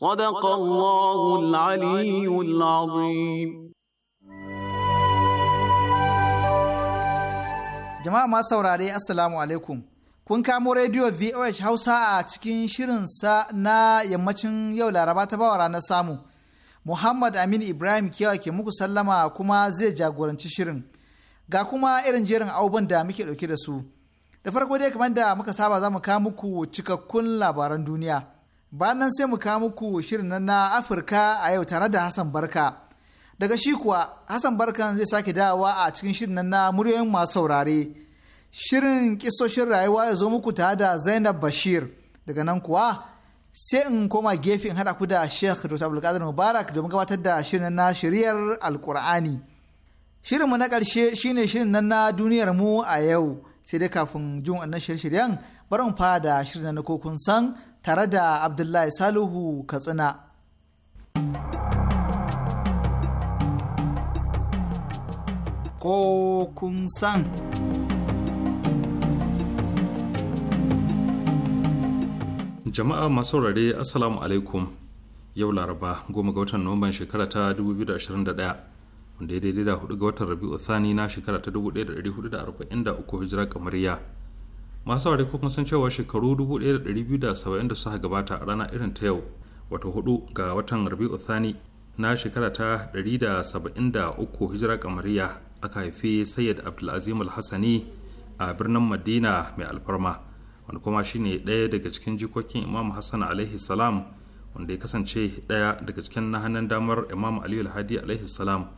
صدق الله العلي العظيم jama'a masu saurare assalamu alaikum kun kamo rediyo voh hausa a cikin shirinsa na yammacin yau laraba ta bawa ranar samu muhammad amin ibrahim kewa ke muku sallama kuma zai jagoranci shirin ga kuma irin jerin abubuwan da muke dauke da su da farko dai kamar da muka saba za mu kawo muku cikakkun labaran duniya banan sai mu kawo muku shirin na afirka a yau tare da hassan barka daga shi kuwa hassan barkan zai sake dawowa a cikin shirin na muryoyin masu saurare shirin kisoshin rayuwa ya zo muku tare da zainab bashir daga nan kuwa sai in koma gefen haɗa ku da sheikh dr abdulkadir mubarak domin gabatar da shirin na shiriyar alkur'ani mu na ƙarshe shine shirin nan na duniyar mu a yau sai dai kafin jin wannan shirye-shiryen bari mu fara da shirin na kokun san tare da Abdullahi saluhu Katsina. Ko kun san. Jama'a masu saurare Assalamu alaikum yau Laraba goma ga watan Nuwamban shekara ta 2021 wanda ya daidai da hudu ga watan Rabi'u Thani na shekara ta 1443 hijira ya. masu ware kuma sun cewa shekaru 1270 da suka gabata a rana irin ta yau wata hudu ga watan rabi'u thani na shekara ta 173 hijira kamariya aka haifi sayyid abdulazim alhassani a birnin madina mai alfarma wanda kuma shine ɗaya daga cikin jikokin imam hassan alaihi salam wanda ya kasance ɗaya daga cikin na hannun damar imam aliyu alhadi alaihi salam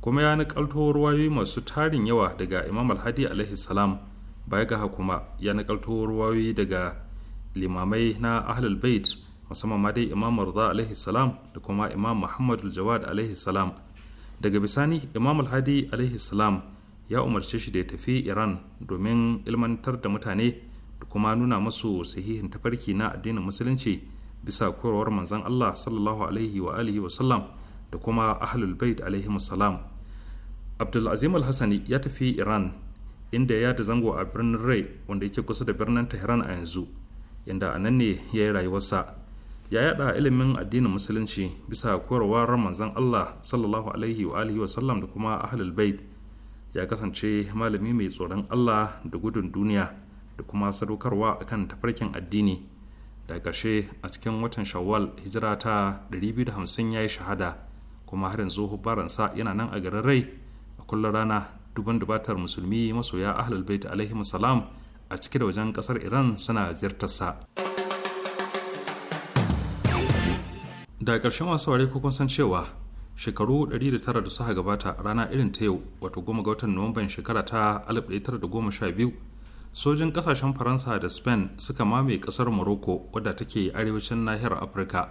kuma ya nakalto wayoyi masu tarin yawa daga imam alhadi alaihi salam baya ga hakuma ya nakalto ruwayoyi daga limamai na ahlul bait musamman ma dai imam rida alaihi salam da kuma imam muhammadu jawad alaihi salam daga bisani imam alhadi alaihi salam ya umarce shi da ya tafi iran domin ilmantar da mutane da kuma nuna masu sahihin tafarki na addinin musulunci bisa koyarwar manzon allah sallallahu alaihi wa alihi wa sallam da kuma ahlul bait alaihi salam abdulazim alhassani ya tafi iran inda ya yada zango a birnin rai wanda yake kusa da birnin tehran a yanzu inda a nan ne ya yi rayuwarsa ya yada ilimin addinin musulunci bisa koyarwar manzon Allah sallallahu alaihi wa alihi da kuma ahlul bait ya kasance malami mai tsoron Allah da gudun duniya da kuma sadaukarwa a kan tafarkin addini da ƙarshe a cikin watan shawwal hijira ta 250 ya yi shahada kuma harin yanzu baransa yana nan a garin rai a kullum rana duban dubatar musulmi masoya ahlul bait alaihi salam a cike da wajen kasar iran suna ziyartarsa da ƙarshen masu ware kun san cewa shekaru 109 da suka gabata rana irin ta yau wato goma ga watan nuwamban shekara ta 1912 sojin kasashen faransa da spain suka mame kasar morocco wadda take arewacin nahiyar afirka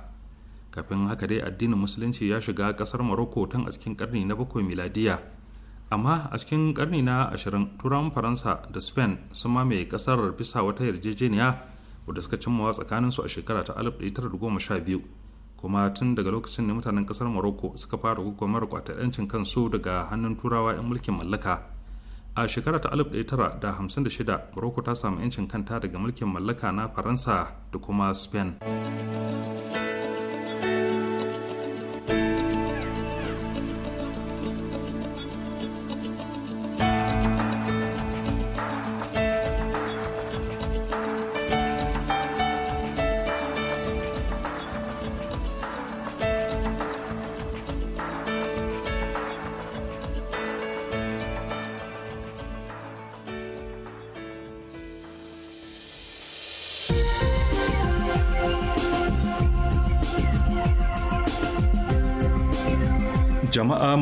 kafin haka dai addinin musulunci ya shiga kasar morocco tun a cikin karni na bakwai miladiya amma a cikin karni na ashirin turawan faransa da spain sun mamaye kasar bisa wata yarjejeniya wadda suka cimmawa tsakanin su a shekara ta 1912 kuma tun daga lokacin ne mutanen kasar morocco suka fara gugumar kwata 'yancin kansu daga hannun turawa 'yan mulkin mallaka a shekara ta 1956 morocco ta samu 'yancin kanta daga mulkin mallaka na faransa da kuma spain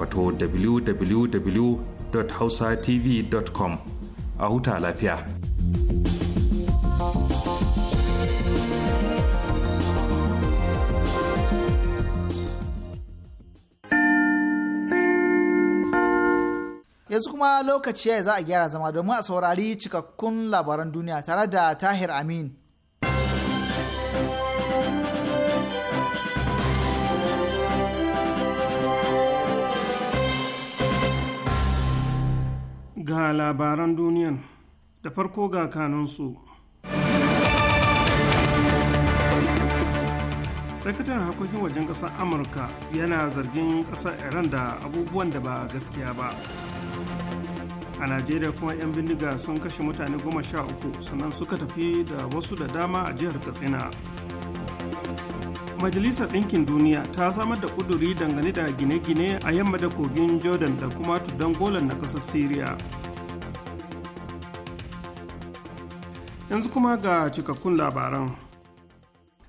wato www.hausatv.com a huta lafiya. Yanzu kuma lokaci ya za a gyara zama domin a saurari cikakkun labaran duniya tare da Tahir Amin. ga labaran duniyan da farko ga kanunsu sakataren harkokin wajen ƙasar amurka yana zargin ƙasar iran da abubuwan da ba gaskiya ba a najeriya kuma 'yan bindiga sun kashe mutane goma sha uku sannan suka tafi da wasu da dama a jihar katsina majalisar ɗinkin duniya ta samar da ƙuduri dangane da gine-gine a yamma da kogin jordan da kuma tuddan golan na ƙasar syria yanzu kuma ga cikakkun labaran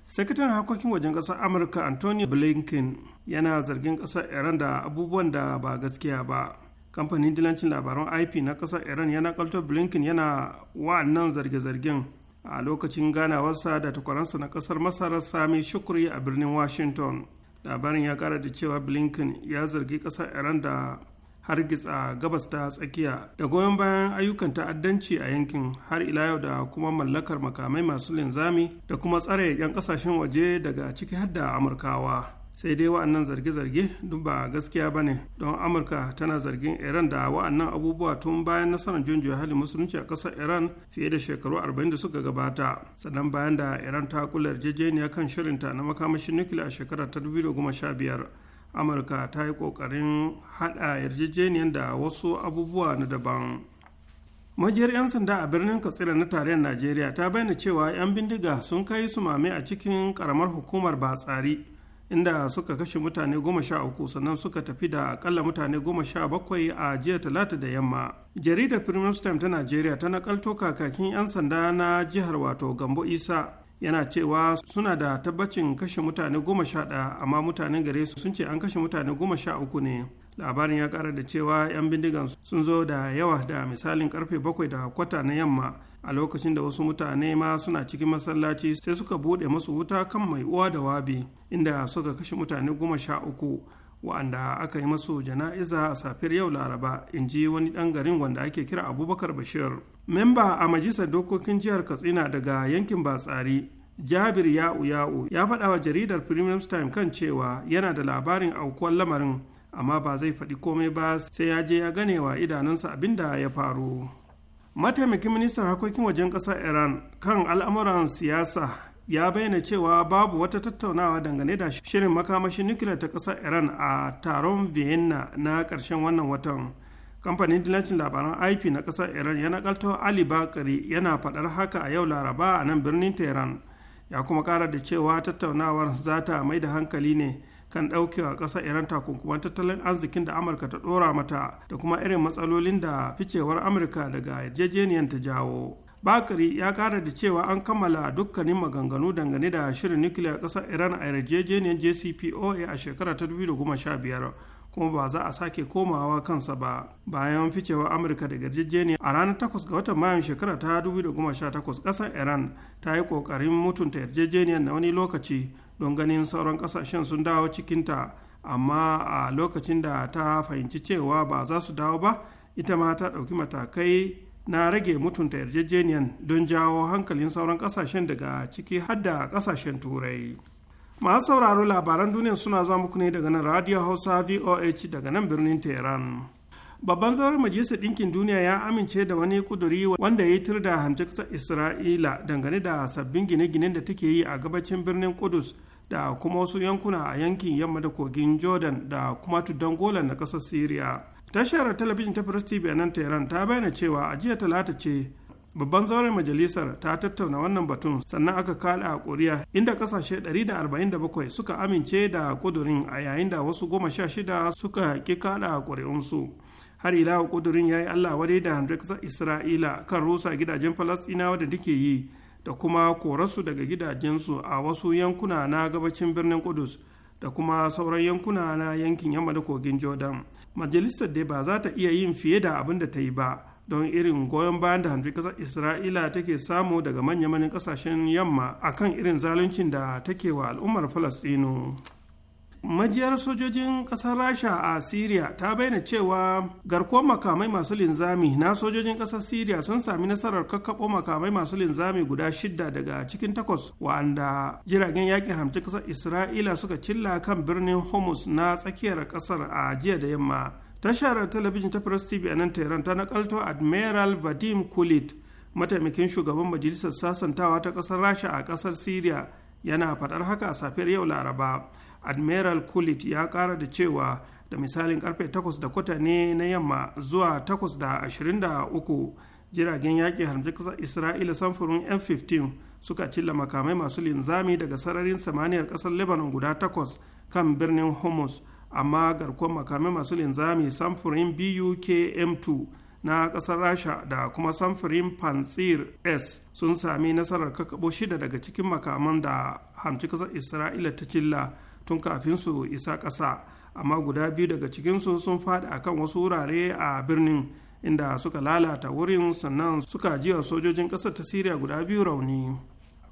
sakataren harkokin wajen ƙasar amurka anthony blinken yana zargin ƙasar iran da abubuwan da ba gaskiya ba kamfanin dilancin labaran ip na ƙasar iran yana kaltar blinken yana wa'annan zarge-zargen a lokacin ganawarsa da takwaransa na kasar masar sami shukuri a birnin washington labarin ya kara da cewa blinken ya zargi kasar iran da hargitsa gabas ta tsakiya da goyon bayan ayyukan ta'addanci a yankin har ila yau da kuma mallakar makamai masu linzami da kuma tsare 'yan kasashen waje daga ciki har da amurkawa sai dai wa'annan zarge-zarge duk ba gaskiya ba ne don amurka tana zargin iran da wa'annan abubuwa tun bayan nasarar junjiya hali musulunci a ƙasar iran fiye da shekaru 40 da suka gabata sannan bayan da iran ta kula yarjejeniya kan shirinta na makamashin nukiliya a shekarar ta 2015 amurka ta yi ƙoƙarin haɗa yarjejeniyar da wasu abubuwa na daban majiyar 'yan sanda a birnin katsina na tarayyar najeriya ta bayyana cewa 'yan bindiga sun kai su a cikin karamar hukumar batsari inda suka kashe mutane goma sha uku sannan suka tafi da akalla mutane goma sha bakwai a jiya talata da yamma jaridar premium time ta najeriya ta nakalto kakakin 'yan sanda na jihar wato gambo isa yana cewa suna da tabbacin kashe mutane goma sha ɗaya amma mutanen gare su sun ce an kashe mutane goma sha uku ne labarin ya kara da cewa 'yan bindigan sun zo da yawa da misalin karfe bakwai da kwata na yamma a lokacin da wasu mutane ma suna cikin masallaci sai suka bude masu wuta kan mai uwa da wabi inda suka kashe mutane goma sha uku wa'anda aka yi masu jana'iza a safiyar yau laraba in ji wani ɗan garin wanda ake kira abubakar bashir memba a majalisar dokokin jihar katsina daga yankin batsari jabir ya'u ya'u ya faɗa wa jaridar premium time kan cewa yana da labarin aukuwar lamarin amma ba zai faɗi komai ba sai ya je ya gane wa idanunsa abin da ya faru mataimakin ministan harkokin wajen ƙasar iran kan al'amuran siyasa ya bayyana cewa babu wata tattaunawa dangane da shirin makamashin nukiliya ta ƙasar iran a taron vienna na ƙarshen wannan watan kamfanin dillacin labaran ip na ƙasar iran ya nakalto ali bakari yana faɗar haka a yau laraba a nan birnin tehran ya kuma ƙara da cewa tattaunawar za ta mai da hankali ne kan ɗaukewa ƙasar iran takunkuman tattalin arzikin da amurka ta ɗora mata da kuma irin matsalolin da ficewar amurka daga yarjejeniyar ta jawo bakari ya kara da cewa an kammala dukkanin maganganu dangane da shirin nukiliyar ƙasar iran a yarjejeniyar jcpoa a shekara ta 2015 kuma ba za a sake komawa kansa ba bayan ficewar amurka daga yarjejeniyar a ranar 8 ga watan mayan shekara ta 2018 ƙasar iran ta yi ƙoƙarin mutunta yarjejeniyar na wani lokaci don ganin sauran kasashen sun dawo cikinta amma a lokacin da ta fahimci cewa ba za su dawo ba ita ma ta ɗauki matakai na rage mutunta yarjejeniyan don jawo hankalin sauran kasashen daga ciki har da kasashen turai masu sauraro labaran duniya suna zuwa muku ne daga nan radio hausa voh daga nan birnin tehran babban zauren majalisar ɗinkin duniya ya amince da wani kuduri wanda ya yi tur da hamjaktar isra'ila dangane da sabbin gine-ginen da take yi a gabacin birnin kudus da kuma wasu yankuna a yankin yamma da kogin jordan da kuma tuddan golan na ƙasar syria tashar talabijin ta press tv a nan tehran ta bayyana cewa a jiya talata ce babban zauren majalisar ta tattauna wannan batun sannan aka kada a koriya inda kasashe 147 suka amince da kudurin a yayin da wasu goma sha shida suka ki kada a kuri'unsu har ila kudurin ya yi allah wadai da hamdar isra'ila kan rusa gidajen falasɗinawa da take yi da kuma korarsu daga gidajensu a wasu yankuna na gabacin birnin kudus da kuma sauran yankuna na yankin yamma da kogin jordan majalisar da ba za ta iya yin fiye da abin da ta yi ba don irin goyon bayan da hamdar isra'ila take samu daga manya-manyan kasashen yamma akan irin zaluncin da take wa al'ummar falasɗinu majiyar sojojin kasar rasha a syria ta bayyana cewa garkuwar makamai masu linzami na sojojin kasar syria sun sami nasarar kakkaɓo makamai masu linzami guda shida daga cikin takwas wa'anda jiragen yakin hamci kasar isra'ila suka cilla kan birnin homus na tsakiyar kasar a jiya da yamma tashar talabijin ta press tv a nan tehran ta nakalto admiral vadim kulit mataimakin shugaban majalisar sasantawa ta kasar rasha a kasar syria yana faɗar haka a safiyar yau laraba admiral kulit ya kara da cewa da misalin karfe 8 da kwata ne na yamma zuwa 8 da 23 jiragen yakin harmjin kasar isra'ila samfurin m15 suka cilla makamai masu linzami daga sararin samaniyar kasar lebanon guda 8 kan birnin homus amma garkuwar makamai masu linzami samfurin buk m 2 na kasar rasha da kuma samfurin pantsir s sun sami nasarar kakabo shida daga cikin makaman da hamci kasar isra'ila ta cilla tun kafin su isa ƙasa amma guda biyu daga cikin su sun faɗi a kan wasu wurare a birnin inda suka lalata wurin sannan suka jiwa sojojin ƙasar ta siriya guda biyu rauni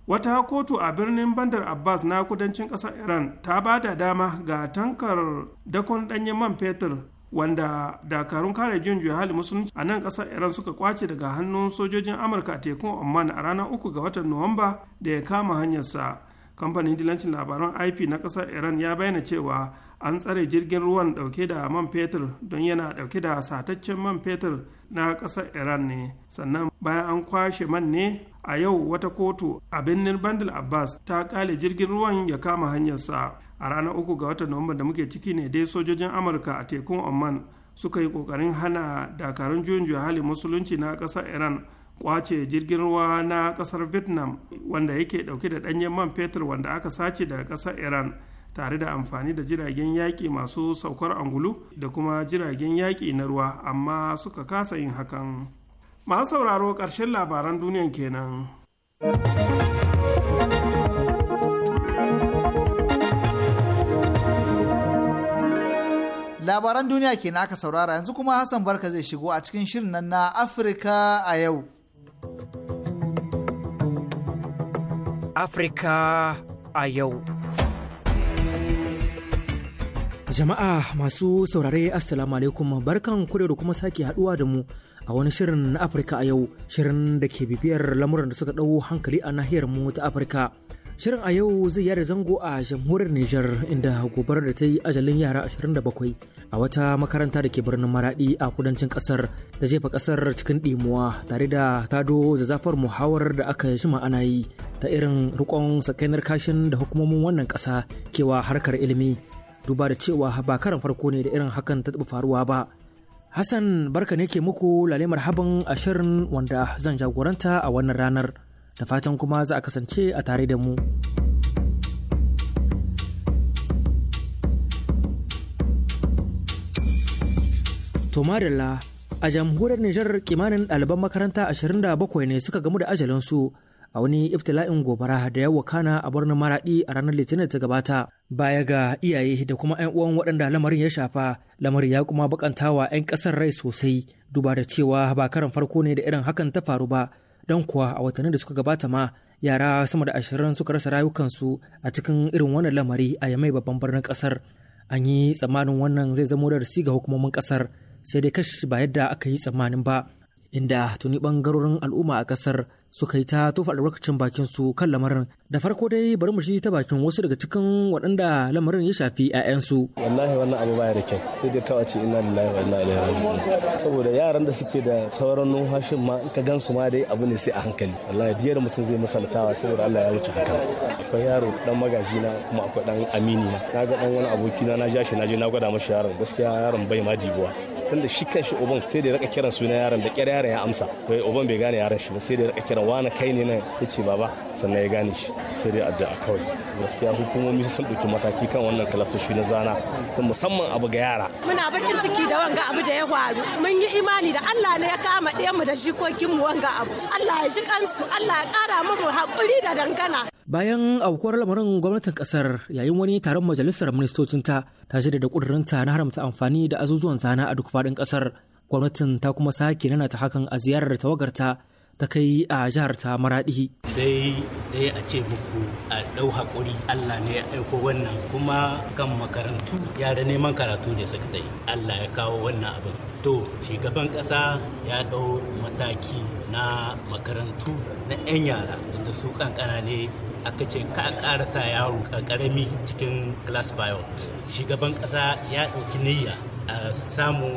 wata kotu a birnin bandar abbas na kudancin ƙasar iran ta ba da dama ga tankar dakon ɗanyen man fetur wanda dakarun kare jin juya hali musulunci a nan ƙasar iran suka kwace daga hannun sojojin amurka tekun oman a ranar uku ga watan nuwamba da ya kama hanyarsa kamfanin dilancin labaran ip na ƙasar iran ya bayyana cewa an tsare jirgin ruwan ɗauke da man fetur don yana ɗauke da sataccen man fetur na ƙasar iran ne sannan bayan an kwashe man ne a yau wata kotu a birnin bandal abbas ta ƙale jirgin ruwan ya kama hanyarsa a ranar uku ga watan nuwamba da muke ciki ne dai sojojin amurka a tekun oman suka yi kokarin hana dakarun juyin juya halin musulunci na ƙasar iran kwace jirgin ruwa na kasar vietnam wanda yake dauke da danyen man fetur wanda aka sace daga kasar iran tare da amfani da jiragen yaƙi masu saukar angulu da kuma jiragen yaƙi na ruwa amma suka kasa yin hakan masu sauraro ƙarshen labaran duniyan kenan labaran duniya kenan aka saurara yanzu kuma hassan barka zai shigo a cikin shirin nan na afirka a yau Afirka a yau. Jama'a masu saurare Assalamu alaikum barkan kure da kuma sake haduwa da mu a wani shirin na Afirka a yau shirin da ke bibiyar lamuran da suka ɗau hankali a nahiyar mu ta Afirka. Shirin a yau zai yare zango a jamhuriyar Nijar inda gobarar da ta yi ajalin yara 27 a wata makaranta da ke birnin Maradi a kudancin kasar ta jefa kasar cikin ɗimuwa tare da tado zafar muhawar da aka shima ana yi ta irin rikon sakainar kashin da hukumomin wannan ƙasa kewa harkar ilimi duba da cewa ba karan farko ne da irin hakan ta taɓa faruwa ba. Hassan barka ne ke muku lalemar a shirin wanda zan jagoranta a wannan ranar. da fatan kuma za a kasance a tare da mu. Tomarilla a jamhuriyar Nijar kimanin ɗaliban makaranta 27 ne suka gamu da ajalinsu a wani iftila'in gobara da yawa kana a birnin Maraɗi a ranar Litinin ta gabata. Baya ga iyaye da kuma 'yan uwan waɗanda lamarin ya shafa, lamarin ya kuma bakantawa 'yan ƙasar rai sosai duba da cewa ba karan farko ne da irin hakan ta faru ba. dan kuwa a watannin da suka gabata ma yara sama da ashirin suka rasa rayukansu a cikin irin wannan lamari a yamai babban birnin kasar an yi tsammanin wannan zai zamo darasi ga hukumomin kasar sai dai kashi ba yadda aka yi tsammanin ba inda tuni bangarorin al'umma a kasar suka yi ta tofa albarkacin bakin su kan lamarin da farko dai bari mu shi ta bakin wasu daga cikin waɗanda lamarin ya shafi 'ya'yansu. wallahi wannan abu baya da kyau sai dai kawace inna ina lillahi wa inna ilaihi raji'un saboda yaran da suke da sauran numfashin ma ka gan su ma dai abu ne sai a hankali wallahi diyar mutum zai misaltawa saboda Allah ya wuce haka akwai yaro dan magaji na kuma akwai dan amini na na ga dan wani aboki na na ja shi na je na gwada mashi yaron gaskiya yaron bai ma dibuwa tunda shi kanshi uban sai da ya raka kiran suna yaron da kyar yaron ya amsa uban bai gane yaron shi ba sai da ya raka kiran da wani kai ne nan ya ce baba sannan ya gane shi sai dai addu'a kawai gaskiya hukumomi sun ɗauki mataki kan wannan kalasoshi na zana ta musamman abu ga yara muna bakin ciki da wanga abu da ya faru mun yi imani da Allah ne ya kama mu da mu wanga abu Allah ya shi kansu Allah ya kara mu hakuri da dangana bayan aukuwar lamarin gwamnatin kasar yayin wani taron majalisar ministocin ta ta shirya da ƙudurinta na haramta amfani da azuzuwan zana a duk faɗin ƙasar gwamnatin ta kuma sake nana ta hakan a ziyarar tawagarta ta kai a jihar ta maradi sai dai a ce muku a ɗau haƙuri allah ne ya aiko wannan kuma kan makarantu yara neman karatu ne suka yi allah ya kawo wannan abin to shugaban ƙasa ya ɗau mataki na makarantu na 'yan yara tunda su kankana ne aka ce ka karata yaro ƙarami cikin class biot shugaban kasa ya ɗauki niyya a samu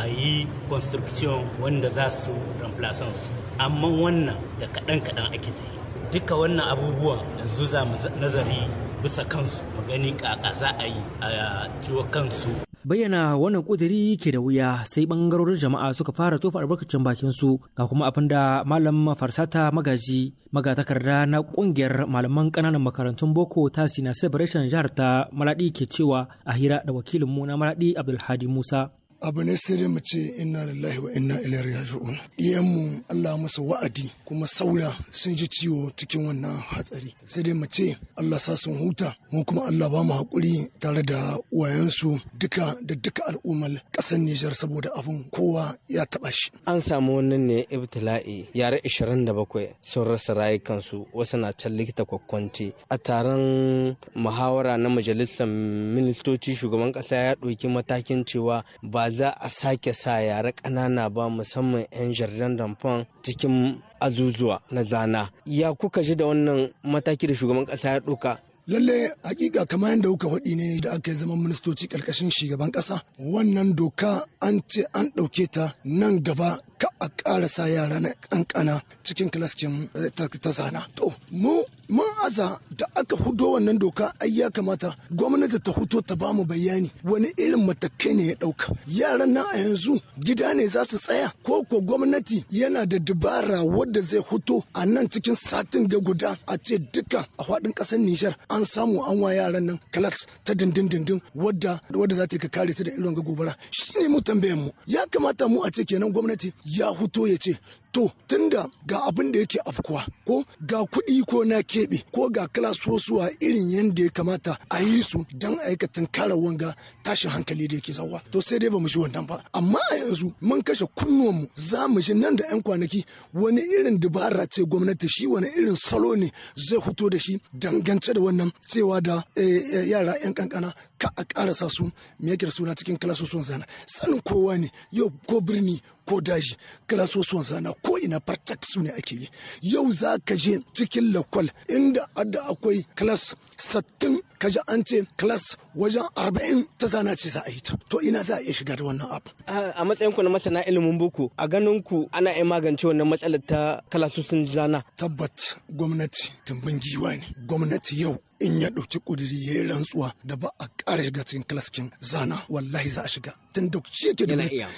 a yi construction wanda za su ramplasansu amma wannan da kaɗan-kaɗan ake ta yi duka wannan abubuwan yanzu za nazari bisa kansu mu gani ƙaƙa za a yi a ciwo kansu bayyana wannan ƙudiri ke da wuya sai ɓangarorin jama'a suka fara tofa albarkacin bakin su ga kuma abin da malam farsata magaji magatakarda na kungiyar malaman ƙananan makarantun boko ta sina celebration jihar ta maladi ke cewa a hira da wakilin mu na maladi abdulhadi musa abu ne sai dai mu ce inna lillahi wa inna ilaihi raji'un mu Allah musu wa'adi kuma saura sun ji ciwo cikin wannan hatsari sai dai mu ce Allah sa sun huta mu kuma Allah ba mu hakuri tare da wayan su duka da duka al'ummar ƙasar Nijar saboda abin kowa ya taba shi an samu wannan ne ibtila'i yare 27 sun rasa rayukansu wasu na can likita kwakwanci a taron muhawara na majalisar ministoci shugaban Kasa ya ɗauki matakin cewa ba za a sake sa yara ƙanana ba musamman 'yan jardin damfan cikin azuzuwa na zana ya kuka ji da wannan mataki da shugaban ƙasa ya ɗauka lalle hakika kamar yadda kuka faɗi ne da aka yi zaman ministoci ƙarƙashin shugaban ƙasa wannan doka an ce an ɗauke ta nan gaba ka a ƙarasa yara na ƙanƙana cikin kilaskin eh, ta zana to mu mun aza da aka hudo wannan doka ai ya kamata gwamnati ta huto ta ba mu bayani wani irin matakai ne ya dauka yaran nan a yanzu gida ne za su tsaya ko ko gwamnati yana da dubara wadda zai huto a nan cikin satin ga guda a ce duka a fadin kasar Nijar an samu an wa yaran nan class ta dindindindin wadda wadda za ta ka kare su da irin ga gobara shine mu tambayan mu ya kamata mu a ce kenan gwamnati ya huto ya ce to tunda ga abin da yake afkuwa ko ga kuɗi ko na keɓe ko ga kalasosuwa irin yadda ya kamata a yi su don aikatan kara wanga tashin hankali da yake zawa to sai dai ba mu shi wannan ba amma a yanzu mun kashe kunnuwanmu za mu shi nan da 'yan kwanaki wani irin dubara ce gwamnati shi wani irin salo ne zai fito da shi dangance da wannan cewa da eh, eh, yara 'yan kankana ka a karasa su me yake da suna cikin kalasosuwan zana sanin kowa ne yau ko birni ko daji kalasosuwan zana ko ina partak su ne ake yi yau za ka je cikin lakwal inda adda akwai klas sattin ka ji an ce kilas wajen arba'in ta zana ce za a yi ta to ina za a iya shiga da wannan abu. a matsayin ku na masana ilimin boko a ganin ku ana iya magance wannan matsalar ta kilasosun zana. tabbat gwamnati tumbin giwa ne gwamnati yau in ya ɗauki ƙudiri ya yi rantsuwa da ba a ƙara shiga cikin kilaskin zana wallahi za a shiga tun da shi yake da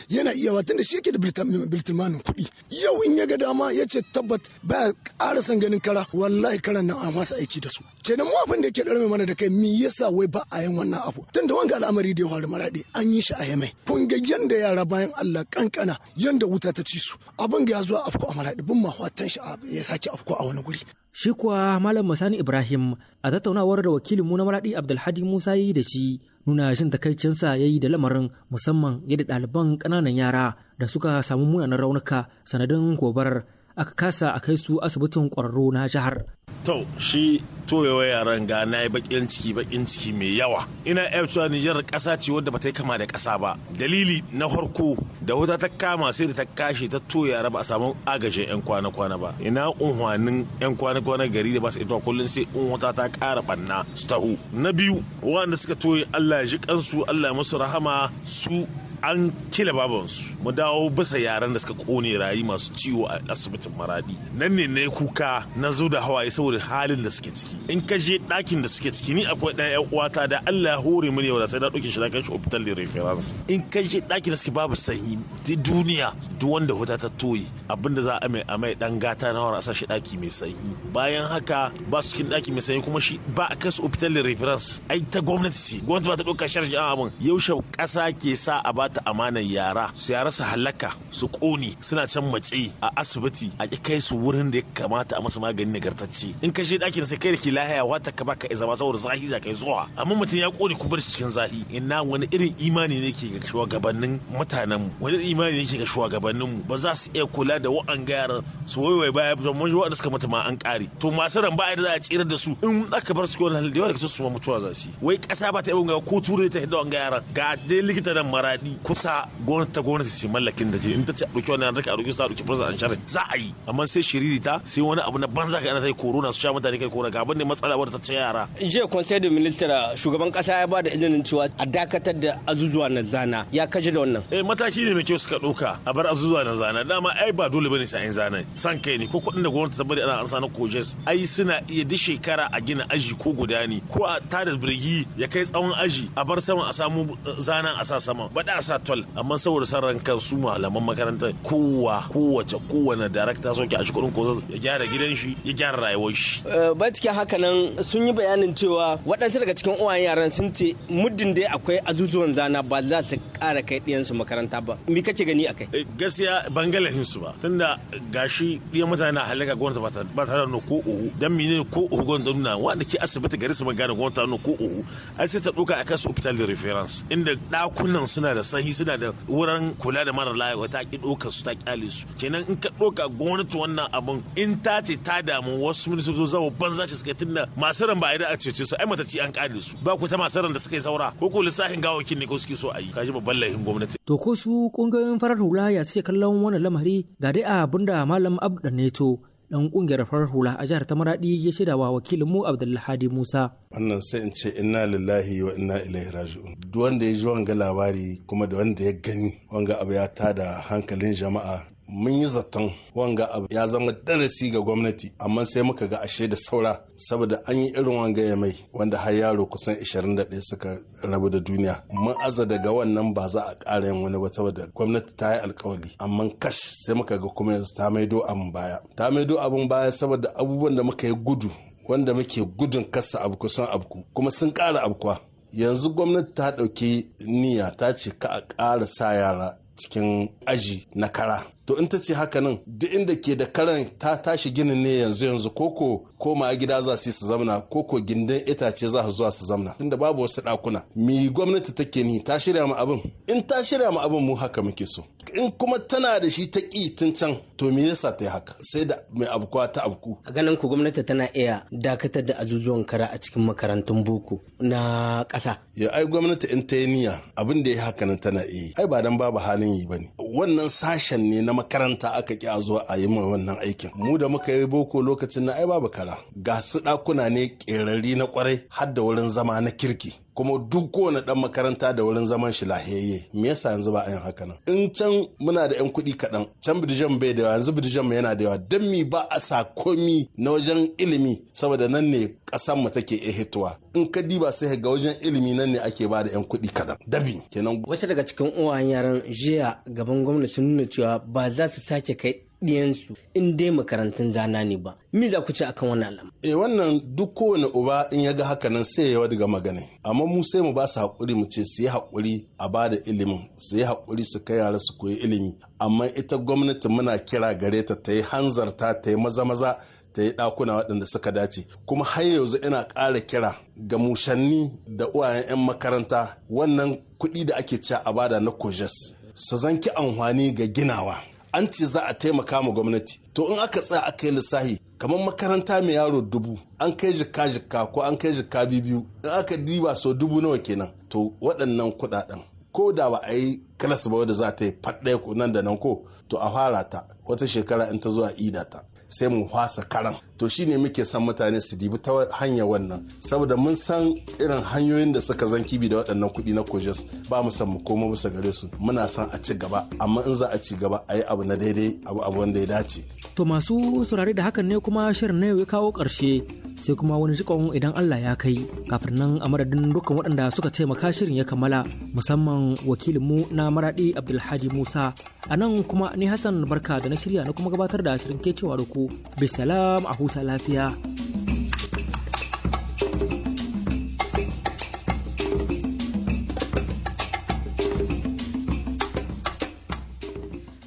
yana iyawa tun da shi yake da biltimanin kuɗi yau in ya ga dama ya ce tabbat baya ƙara san ganin kara wallahi karan na a masa aiki da su kenan mu abin da yake ɗarme mana da kai me yasa wai ba a yin wannan abu tun da wanga al'amari da ya faru maraɗe an yi shi a yamai kun ga yanda yara bayan Allah kankana yanda wuta ta ci su abin ga ya zuwa a afko a maraɗe bin ma shi ya sake afko a wani guri Shi kuwa Malam Masani Ibrahim a tattaunawar da wakilinmu na maraɗi Abdulhadi Musa ya yi da shi nuna shin takaicinsa ya yi da lamarin musamman yadda ɗaliban ƙananan yara da suka samu munanan raunuka sanadin gobarar aka kasa a kai su asibitin ƙwararro na jihar. To shi toyewa yaran ga na yi bakin ciki bakin ciki mai yawa. Ina yar cewa Nijar ƙasa ce wadda ba ta yi kama da ƙasa ba. Dalili na farko da wuta ta kama sai da ta kashe ta to yara ba a samu agajin 'yan kwana-kwana ba. Ina unhwanin 'yan kwana-kwana gari da ba su ita kullum sai in ta ƙara ɓanna su tahu. Na biyu waɗanda suka toye Allah ya ji kansu Allah ya musu rahama su an kila babansu mu dawo bisa yaran da suka kone rayi masu ciwo a asibitin maradi nan ne na kuka na zo da hawaye saboda halin da suke ciki in ka je ɗakin da suke ciki ni akwai ɗan yan uwata da Allah ya hore mu ne wala sai na ɗauke shi na kai shi hospital de reference in ka je ɗakin da suke babu sanyi duk duniya duk wanda huta ta toyi abinda za a mai a mai ɗan gata na wani a sashi ɗaki mai sanyi bayan haka ba su cikin ɗaki mai sanyi kuma shi ba a kai hospital da reference ai ta gwamnati ce gwamnati ba ta ɗauka sharshi abin yaushe ƙasa ke sa a ba ta amanar yara su yara su halaka su ƙone suna can mace a asibiti a ki kai su wurin da ya kamata a masa magani nagartacce in ka shi ɗakin sai kai da ke lahaya wata ka baka ya zama saboda zahi za kai zuwa amma mutum ya ƙone kuma da cikin zahi ina wani irin imani ne ke ga shugabannin mutanenmu wani irin imani ne ke ga mu ba za su iya kula da wa'an yaran su waiwai baya ba mun waɗanda suka mutu ma an kare to masu ran ba da za a tsira da su in aka bar su wani halin da yawa daga su ma mutuwa za su wai kasa ba ta yi ga ko turai ta hidda wa'an yaran ga dai likita nan maraɗi kusa gwamnati ta gwamnati ce mallakin da ce in ta ce a ɗauki an rake a ɗauki su ta ɗauki fursa an share za a yi amma sai shiriri ta sai wani abu na banza ka ana ta yi korona su sha mutane kai korona gaban ne matsala wadda ta ce yara. je conseil de ministre shugaban kasa ya ba da izinin cewa a dakatar da azuzuwa na zana ya kaji da wannan. eh mataki ne mai kyau suka ɗauka a bar azuzuwa na zana dama ai ba dole bane sai an zana san kai ne ko kuɗin da gwamnati ta bari ana an sana kojes ai suna iya duk shekara a gina aji ko gudani ko a tada birgi ya kai tsawon aji a bar sama a samu eh, zana a sa sama ba da sa sa tol amma saboda san ran kan su malaman makarantar kowa kowace kowane darakta ki a shikurin ko ya gyara gidan shi ya gyara rayuwar shi. Eh, ba cikin haka nan sun yi bayanin cewa waɗansu daga cikin uwayen yaran sun ce muddin dai akwai azuzuwan zana ba za su ƙara kai ɗiyansu makaranta ba mi kace gani akai. Eh, gaskiya bangalahin su ba tunda gashi ɗiyan mutane na halaka gwamnati ba ba ta da ko uhu dan mine ko uhu gwamnati nuna wanda ke asibiti gari su magana gwamnati ko uhu ai sai ta ɗauka a su hospital da reference inda ɗakunan suna da sahi suna da wurin kula da marar layi ta ki ɗoka su ta kyale su kenan in ka ɗoka gwamnati wannan abun in ta ce ta damu wasu ministoci zo banza ce suka tunda masu ran ba a a cece su ai mata ci an kare su ba ku ta masu ran da suka yi saura ko ku lissafin gawakin ne ko suke so a yi kaji babban laifin gwamnati. to ko su kungiyoyin farar hula ya suke kallon wannan lamari ga dai abin da malam abdu neto dan ƙungiyar farar hula a jihar ta ya shaida wa wakilin mu abdullahi musa wannan sai in ce inna lillahi wa inna ilaihi raji'un duk wanda ya ji wanga labari kuma da wanda ya gani wanga abu ya tada hankalin jama'a mun yi zaton wanga abu ya zama darasi ga gwamnati amma sai muka ga ashe da saura saboda an yi irin wanga ya mai wanda har yaro kusan 21 suka rabu da duniya mun aza daga wannan ba za a ƙara yin wani ba saboda gwamnati ta yi alkawali amma kash sai muka ga kuma yanzu ta maido abin baya ta maido abin baya saboda abubuwan da muka yi gudu wanda muke gudun kasa abu kusan abu kuma sun ƙara abkuwa yanzu gwamnati ta ɗauki niyya ta ce ka a ƙara sa yara cikin aji na kara to in ta ce haka nan duk inda ke da karan ta tashi ginin ne yanzu yanzu koko koma gida za su yi su zamna koko gindin itace za su zuwa su zamna tunda babu wasu ɗakuna mi gwamnati take ni ta shirya mu abin in ta shirya mu abin mu haka muke so in kuma tana da shi ta ƙi tun can to me yasa ta yi haka sai da mai abuwa ta abku a ganin ku gwamnati tana iya dakatar da azuzuwan kara a cikin makarantun boko na ƙasa ya ai gwamnati in ta yi niyya abin da ya haka nan tana iya ai ba dan babu halin yi bane wannan sashen ne na makaranta aka ki a zuwa a yi wannan aikin mu da muka yi boko lokacin na ai babu kara ga su ɗakuna ne ƙerari na kwarai har da wurin zama na kirki kuma duk kowane dan makaranta da wurin zaman shi lahiyayye me yasa yanzu ba yin haka nan in can muna da yan kuɗi kaɗan can bidijan bai da yawa yanzu bidijan yana da yawa don mi ba a sa komi na wajen ilimi saboda nan ne ƙasar mu take ehituwa in ka diba sai ga wajen ilimi nan ne ake ba da yan kuɗi kaɗan dabi kenan wasu daga cikin uwayen yaran jiya gaban gwamnati sun nuna cewa ba za su sake kai ɗiyansu in dai makarantun zana ne ba me za ku ce akan wannan alama e eh, wannan duk kowane uba in ya ga haka nan sai ya daga magana amma mu sai mu ba su hakuri mu ce su yi hakuri a ba da ilimin su yi hakuri su kai yara su koyi ilimi amma ita gwamnati muna kira gare ta ta yi hanzarta ta yi maza maza ta yi ɗakuna waɗanda suka dace kuma har yanzu ina ƙara kira ga mushanni da uwayen 'yan makaranta wannan kuɗi da ake ci a bada na kojas su zanki amfani ga ginawa an ce za a taimaka ma gwamnati to in aka tsaya aka yi lissahi kamar makaranta mai yaro dubu an kai jikka jikka ko an kai jikka biyu in aka diba so dubu nawa kenan to waɗannan kuɗaɗen ko da ba a yi kalas ba wadda za ta yi ko nan da nan ko to a fara ta wata shekara in ta zuwa ida ta sai mu fasa karan to shi ne muke san mutane su dibi ta hanya wannan saboda mun san irin hanyoyin da suka zan kibi da waɗannan kuɗi na kojas ba mu san mu koma bisa gare su muna san a ci gaba amma in za a ci gaba a yi abu na daidai abu abu wanda ya dace. to masu saurare da hakan ne kuma shirin na yau ya kawo ƙarshe sai kuma wani jikon idan Allah ya kai kafin nan a madadin dukkan waɗanda suka taimaka shirin ya kammala musamman wakilinmu na maraɗi abdulhadi musa a nan kuma ni hassan barka da na shirya na kuma gabatar da shirin ke cewa da ku bisalam a huta lafiya.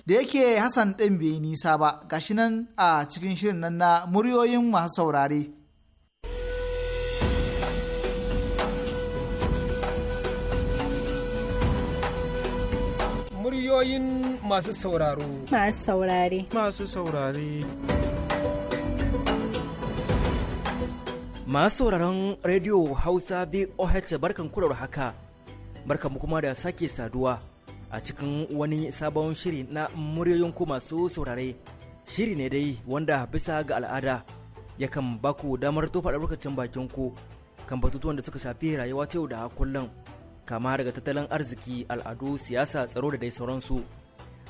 da yake Hassan ɗin bai nisa ba gashi nan a cikin shirin nan na muryoyin masu saurare. Muryoyin masu sauraro. Masu saurare. Masu saurare. Masu sauraron Radio Hausa boh barkan kurar haka, barkan mu kuma da sake saduwa a cikin wani sabon shiri na muryoyin ku masu saurare. Shiri ne dai wanda bisa ga al'ada yakan baku damar tofa lokacin bakin ku kan batutuwan da suka shafi rayuwa ce da kullum kama daga tattalin arziki, al'adu, siyasa, tsaro da dai sauransu.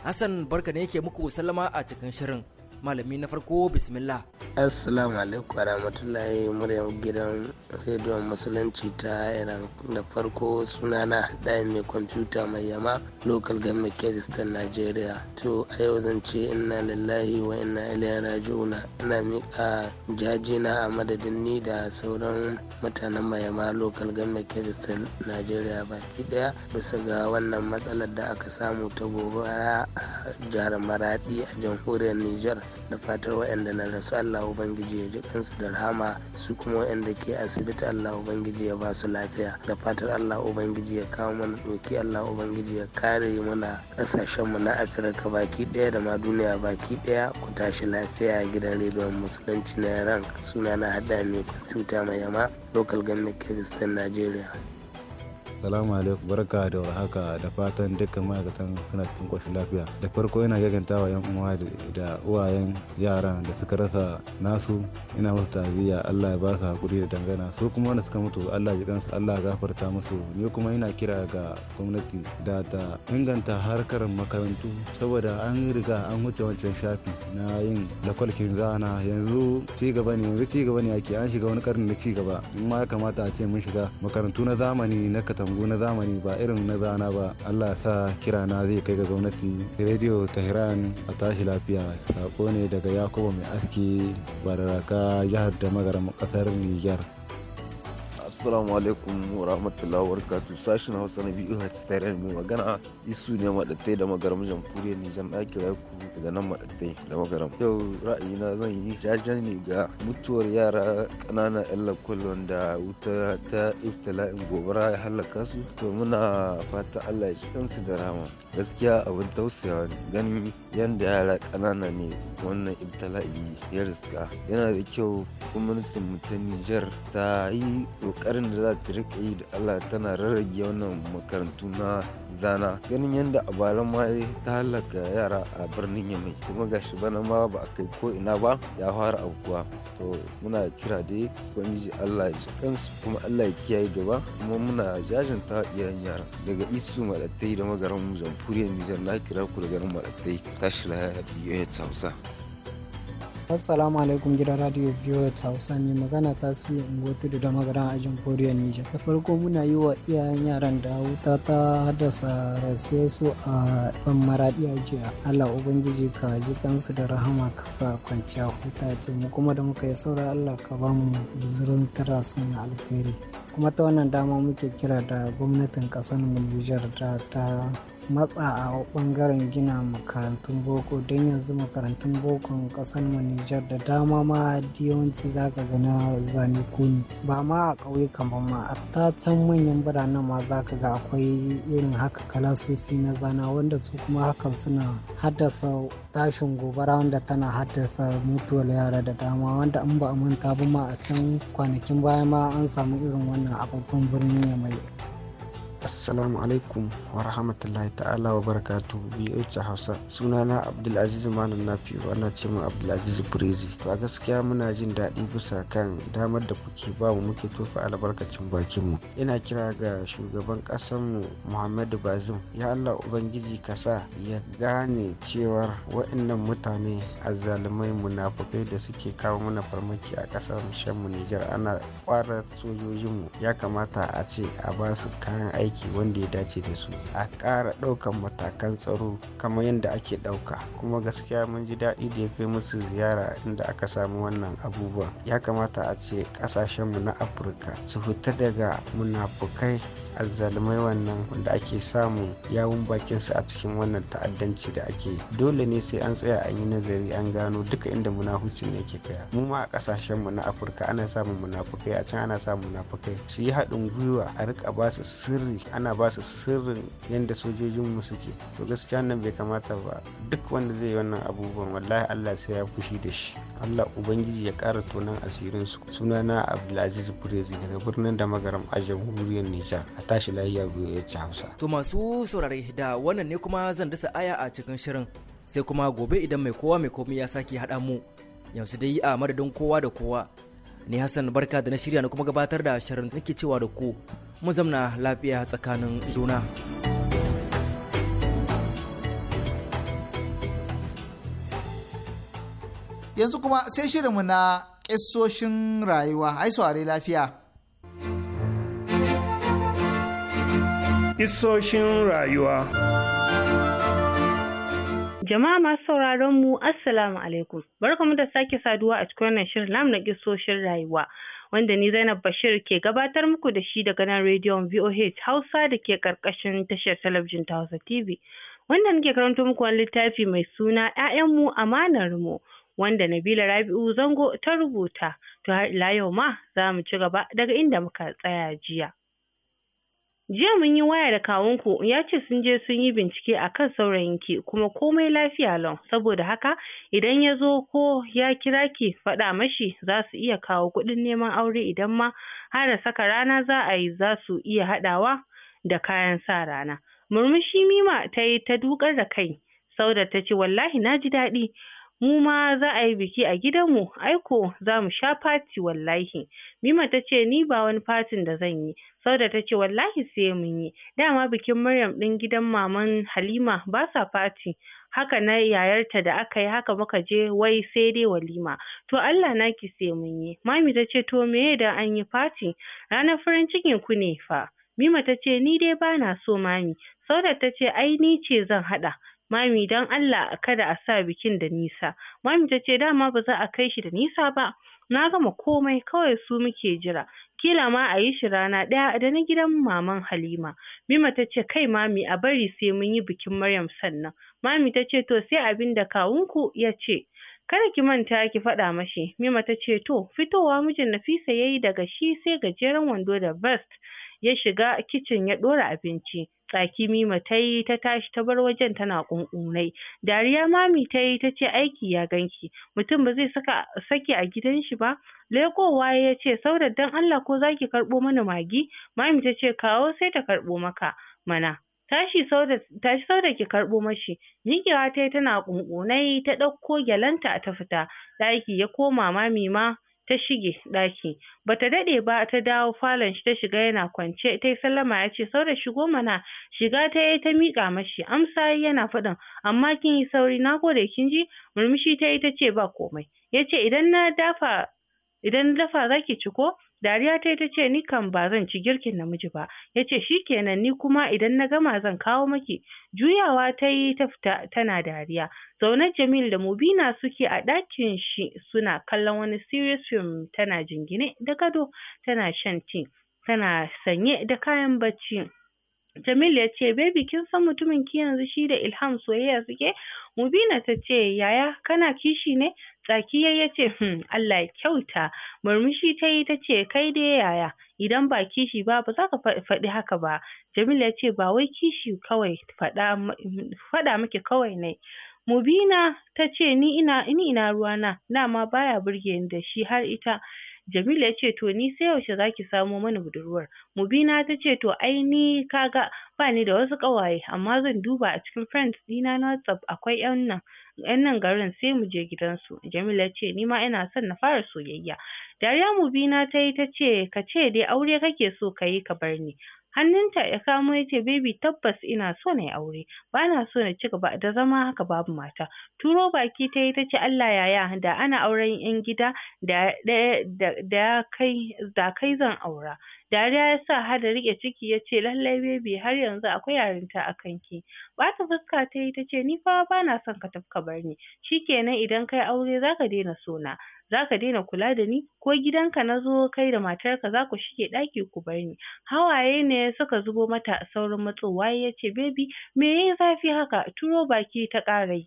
Hassan barka ne yake muku sallama a cikin shirin. malami na farko bismillah assalamu alaikum rahmatullahi muryar gidan rediyon musulunci ta iran da farko sunana ɗaya mai kwamfuta mai yama local government kyrgyzstan nigeria to a yau zan ce inna lillahi wa ina ilaihi rajuna ina miƙa jajina a madadin ni da sauran mutanen mayama lokal government kyrgyzstan nigeria baki daya bisa ga wannan matsalar da aka samu ta gobara a jihar maradi a jamhuriyar niger da fatar waɗanda na rasu Allah Ubangiji ya ji kansu da rahama su kuma waɗanda ke asibiti Allah Ubangiji ya ba su lafiya da fatar Allah Ubangiji ya kawo mana doki Allah Ubangiji ya kare mana ƙasashenmu na Afirka baki ɗaya da ma duniya baki ɗaya ku tashi lafiya gidan rediyon musulunci na Iran suna na hada mai kwamfuta mai yama local government Kyrgyzstan Nigeria. salamu alaikum barka da warhaka da fatan dukkan ma'aikatan suna cikin koshin lafiya da farko ina wa yan uwa da uwayen yaran da suka rasa nasu ina musu taziya Allah ya ba su hakuri da dangana su kuma wanda suka mutu Allah ya kansu Allah ya gafarta musu ni kuma ina kira ga gwamnati da ta inganta harkar makarantu saboda an riga an huce wancan shafi na yin lakwalkin zana yanzu ci gaba ne yanzu ci gaba ne ake an shiga wani karni na ci gaba in ma ya kamata a ce mun shiga makarantu na zamani na katam kalangu na zamani ba irin na zana ba allah sa kira na zai kai ga gwamnati rediyo tehran a tashi lafiya sako ne daga yakubu mai aski bararaka jihar da magaram kasar niger assalamu alaikum wa rahmatullahi wa barakatu sashen hausa na biyu hajji tare mai magana isu ne maɗattai da magaram jamhuriyar nijar zan kira ku daga nan madattai da magaram yau ra'ayina zan yi jajen ne ga mutuwar yara ƙanana yan lakwallon da wuta ta iftila'in gobara ya halaka su to muna fata allah ya ci kansu da rama gaskiya abun tausayawa ne gani yadda yara ƙanana ne wannan ibtala'i ya riska yana da kyau gwamnatin ta nijar ta yi ƙoƙarin da za ta riƙa yi da allah tana rarrage wannan makarantu na zana ganin yadda a bara ma ta halaka yara a birnin yamai kuma shi bana ma ba a kai ko ina ba ya fara abubuwa to muna kira dai ubangiji allah ya kansu kuma allah ya kiyaye gaba kuma muna jajanta iyayen yara daga isu malattai da magaran zamfuriyar nijar na kira ku da garin malattai tashi lahaya biyu ya hausa assalamu alaikum gidan radio viewers hausa mai magana ta in ungotudu da magaran ajin koriya nijar da farko muna yi wa iyayen yaran da wuta ta haddasa rasuwarsu a ban maraɗi a jiya allah ubangiji ka ji kansu da rahama ka sa kwanciya huta ce mu kuma da muka yi saura allah ka ba mu buzurin tara na alkhairi kuma ta wannan dama muke kira da gwamnatin ƙasar mu nijar da ta matsa a ɓangaren gina makarantun boko don yanzu makarantun bokon kasar mu Nijar da dama ma yawanci zaka ga na zane kuni ba ma a ƙauyukan ba ma a can manyan biranen ma zaka ga akwai irin haka kalasosi na zana wanda su kuma hakan suna haddasa tashin gobara wanda tana haddasa mutuwar yara da dama wanda in ba a manta ba ma a can kwanakin baya ma an samu irin wannan abubuwan birni mai assalamu alaikum wa rahmatullahi ta'ala wa barakatu biyu hausa Suna sunana abdulaziz malam nafi ana ce ma abdulaziz brezi to a gaskiya muna jin daɗi bisa kan damar da kuke ba mu muke tofa albarkacin bakinmu ina kira ga shugaban ƙasarmu muhammadu bazum ya allah ubangiji kasa ya gane cewar waɗannan mutane azzalumai munafukai da suke kawo mana farmaki a ƙasar shan mu nijar ana kwarar sojojinmu ya kamata a ce a ba su kayan aiki aiki wanda ya dace da su a ƙara ɗaukan matakan tsaro kamar yadda ake ɗauka kuma gaskiya mun ji daɗi da ya kai musu ziyara inda aka samu wannan abubuwan ya kamata a ce ƙasashenmu na afirka su fita daga munafukai azzalumai wannan da ake samun yawun bakin su a cikin wannan ta'addanci da ake dole ne sai an tsaya an yi nazari an gano duka inda munafucin yake kaya mu ma a kasashen mu na afirka ana samun munafukai a can ana samun munafukai su yi haɗin gwiwa a rika ba su sirri ana ba su sirrin yadda sojojin mu suke to gaskiya nan bai kamata ba duk wanda zai yi wannan abubuwan wallahi Allah sai ya fushi da shi Allah ubangiji ya kara tonan asirin su sunana Abdulaziz Burezi daga birnin da magaram a jamhuriyar Nijar a tashi lahiya biyu ya ci hausa. To masu saurari da wannan ne kuma zan dasa aya a cikin shirin sai kuma gobe idan mai kowa mai komai ya sake haɗa mu yanzu dai a madadin kowa da kowa ni hassan barka da na shirya na kuma gabatar da shirin nake cewa da ku mu zamna lafiya tsakanin juna yanzu kuma sai shirinmu na ƙisoshin rayuwa ai saurari lafiya Isoshin rayuwa. Jama'a masu sauraron mu Assalamu alaikum. Barkamu da sake saduwa a cikin wannan shirin namu na isoshin rayuwa. Wanda ni Zainab Bashir ke gabatar muku da shi daga nan rediyon VOH Hausa da ke karkashin tashar talabijin ta Hausa TV. Wanda nake karanto muku wani littafi mai suna ‘Ya'yanmu amanar mu wanda Nabila Rabi'u Zango ta rubuta. To har ila yau ma za mu ci gaba daga inda muka tsaya jiya. Jiya mun yi waya da kawunku ya ce sun je sun yi bincike a kan saurayinki kuma komai lafiya lau saboda haka idan ya zo ko ya kira ki faɗa mashi za su iya kawo kuɗin neman aure idan ma har da saka rana za a yi za su iya haɗawa da kayan sa rana. Murmushi Mima ta yi ta dukar da kai. Sauda ta ce wallahi na ji daɗi mu ma za a yi biki a gidanmu aiko za mu sha fati wallahi mima ta ce ni ba wani fatin da zan yi sauda ta ce wallahi sai mun yi dama bikin maryam din gidan maman halima ba sa fati haka na yayarta da aka yi haka muka je wai sai dai walima to Allah naki sai mun yi mami ta ce to meye da an yi fati ranar farin cikin ku ne fa Mima ta ce ni dai bana so mami sauda ta ce ai ni ce zan haɗa Mami don Allah kada a sa bikin da nisa. Mami ta ce dama ba za a kai shi da nisa ba. Na gama komai kawai su muke jira. Kila ma a yi shi rana ɗaya da na gidan maman Halima. Mima ta ce kai mami a bari sai mun yi bikin Maryam sannan. Mami ta ce to sai abin da kawunku ya ce. Kada ki manta ki faɗa mashi. Mima ta ce to fitowa mijin Nafisa ya yi daga shi sai gajeren wando da vest. ya shiga kicin ya ɗora abinci. tsaki Mima ta ta tashi ta bar wajen tana ƙunƙunai. Dariya Mami ta yi ta ce aiki ya ganki, mutum ba zai saka saki a gidan shi ba. Lekowa ya ce saudar dan Allah ko zaki karɓo mana magi? Mami ta ce kawo sai ta karɓo maka mana. Tashi sauda, tashi ki karɓo mashi, miƙewa ta yi tana ƙunƙunai ta ɗauko gyalanta ta fita, ɗaki ya koma mami ma ta shige ɗaki bata daɗe ba ta dawo falon shi ta shiga yana kwance tayi sallama ya yace saura shigo mana shiga ta yayi ta miƙa mashi amsa yana faɗin amma kin yi sauri gode kin ji murmushi tayi tace ba komai yace idan na dafa idan na dafa zaki ci ko dariya ta ta ce ni kam ba zan ci girkin namiji ba ya ce kenan ni kuma idan na gama zan kawo maki juyawa ta yi ta fita tana dariya zaune jamil da mubina suke a ɗakin shi suna kallon wani serious film tana jingine da gado tana shan tea tana sanye da kayan bacci Jamil ya ce baby kin san mutumin ki yanzu shi da Ilham soyayya suke? Mubina ta ce yaya kana kishi ne? Tsaki ya ce hmm Allah ya kyauta. Murmushi ta yi ta ce kai dai yaya idan ba kishi ba ba za ka faɗi haka ba. Jamil ya ce ba wai kishi kawai faɗa miki kawai ne. Mubina ta ce ni ina ni ina ruwana dama baya burge ni da shi har ita Jamilu ya ce to ni sai yaushe za ki samo mana budurwar. Mubina ta ce to ai ni kaga ba ni da wasu ƙawaye amma zan duba a cikin friends ɗina na WhatsApp akwai 'yan nan ƴan nan garin sai mu je gidansu. Jamilu ya ce ni ma ina son na fara soyayya. Dariya Mubina ta yi ta ce ka ce dai aure kake so ka yi ka bar ni hannunta ya kamo ya ce baby tabbas ina so na yi aure bana na so na ci gaba da zama haka babu mata turo baki ta yi ta ce Allah yaya da ana auren yan gida da da kai zan aura Dariya ya sa hada rike ciki ya ce lallai bebi har yanzu akwai yarinta a kanki. Bata fuska ta yi ta ce ni fa ba na son ka tafka bar ni. Shikenan idan kai aure za ka daina sona. Za ka daina kula da ni ko gidanka na zo kai da matarka za ku shige ɗaki ku bar ni. Hawaye ne suka zubo mata a saurin matsowa ya ce bebi me yayi zafi haka turo baki ta ƙara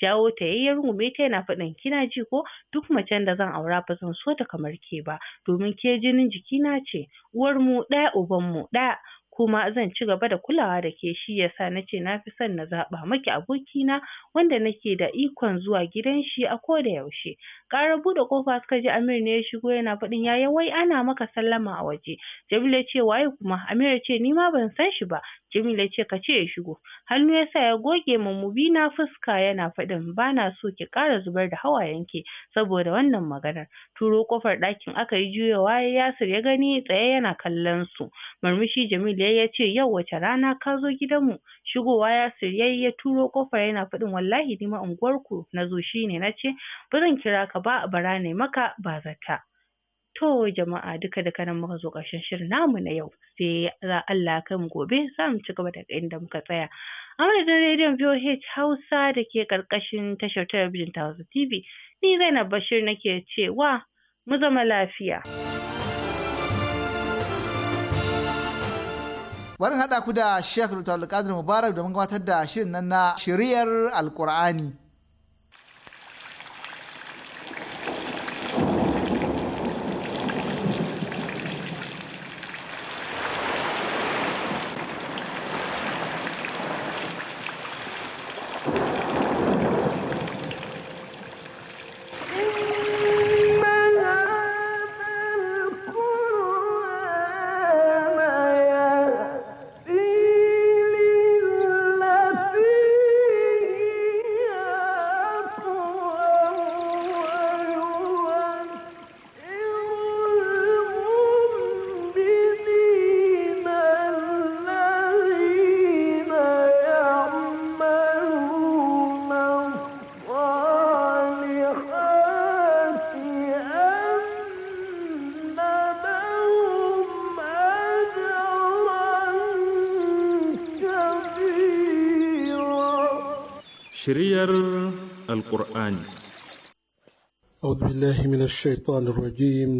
jawo ta yayi ya rungume ta yana faɗin kina ji ko duk macen da zan aura ba zan so ta kamar ke ba domin ke jinin jikina ce uwar mu ɗaya uban mu ɗaya kuma zan ci gaba da kulawa da ke shi yasa nace na fi son na zaɓa maki abokina wanda nake da ikon zuwa gidan shi a koda yaushe ƙarar buɗe ƙofa suka ji Amir ne ya shigo yana faɗin yaya wai ana maka sallama a waje Jamilu ya ce waye kuma Amir ya ce ni ma ban san shi ba Jamil ce ka ce ya shigo. Hannu ya sa ya goge ma Mubina fuska yana faɗin ba na so ki ƙara zubar da hawayenki saboda wannan maganar. Turo ƙofar ɗakin aka yi juyawa ya Yasir ya gani tsaye yana kallon su. Murmushi Jamil ya ce yau wace rana ka zo gidanmu. Shigowa Yasir ya ya turo ƙofar yana faɗin wallahi ni ma unguwarku na zo shi ne na ce ba zan kira ka ba bara ne maka ba zata. To jama'a duka da kanan muka zo ƙarshen shirin namu na yau sai za Allah kai mu gobe za mu ci gaba daga inda muka tsaya. A madadin rediyon VOH Hausa da ke ƙarƙashin tashar talabijin ta Hausa TV ni Zainab Bashir nake cewa mu zama lafiya. Bari haɗa ku da Sheikh Dr. qadir Mubarak domin gabatar da shirin nan na shiriyar Alƙur'ani. الشيطان الرجيم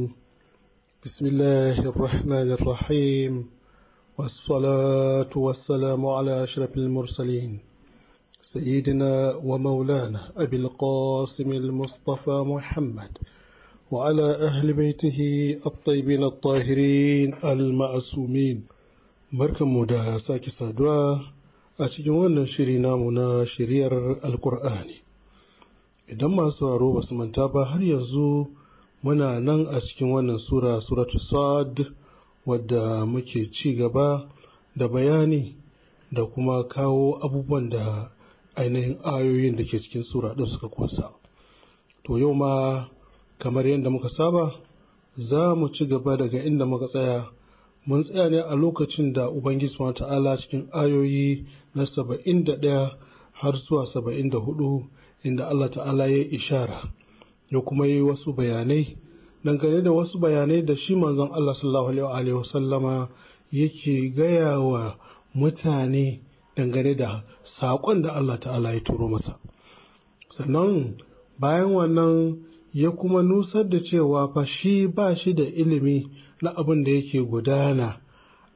بسم الله الرحمن الرحيم والصلاة والسلام على أشرف المرسلين سيدنا ومولانا أبي القاسم المصطفى محمد وعلى أهل بيته الطيبين الطاهرين المعصومين مركم مدى ساكي سادوا أتجوان شرينا منا شرير القرآن idan masu sauraro ba su manta ba har yanzu muna nan a cikin wannan sura suratu sad wadda muke ci gaba da bayani da kuma kawo abubuwan da ainihin ayoyin da ke cikin sura ɗin suka kunsa to yau ma kamar yadda muka saba za mu ci gaba daga inda muka tsaya mun tsaya ne a lokacin da ubangiji wa ta'ala cikin ayoyi na saba'in da ɗaya har zuwa saba'in da hudu inda allah ta'ala ya ishara ya kuma yi wasu bayanai dangane da wasu bayanai da shi manzon Allah sallallahu alaihi sallama yake gaya wa mutane dangane da saƙon da Allah ta'ala ya turo masa sannan bayan wannan ya kuma nusar da cewa fa shi ba shi da ilimi na abin da yake gudana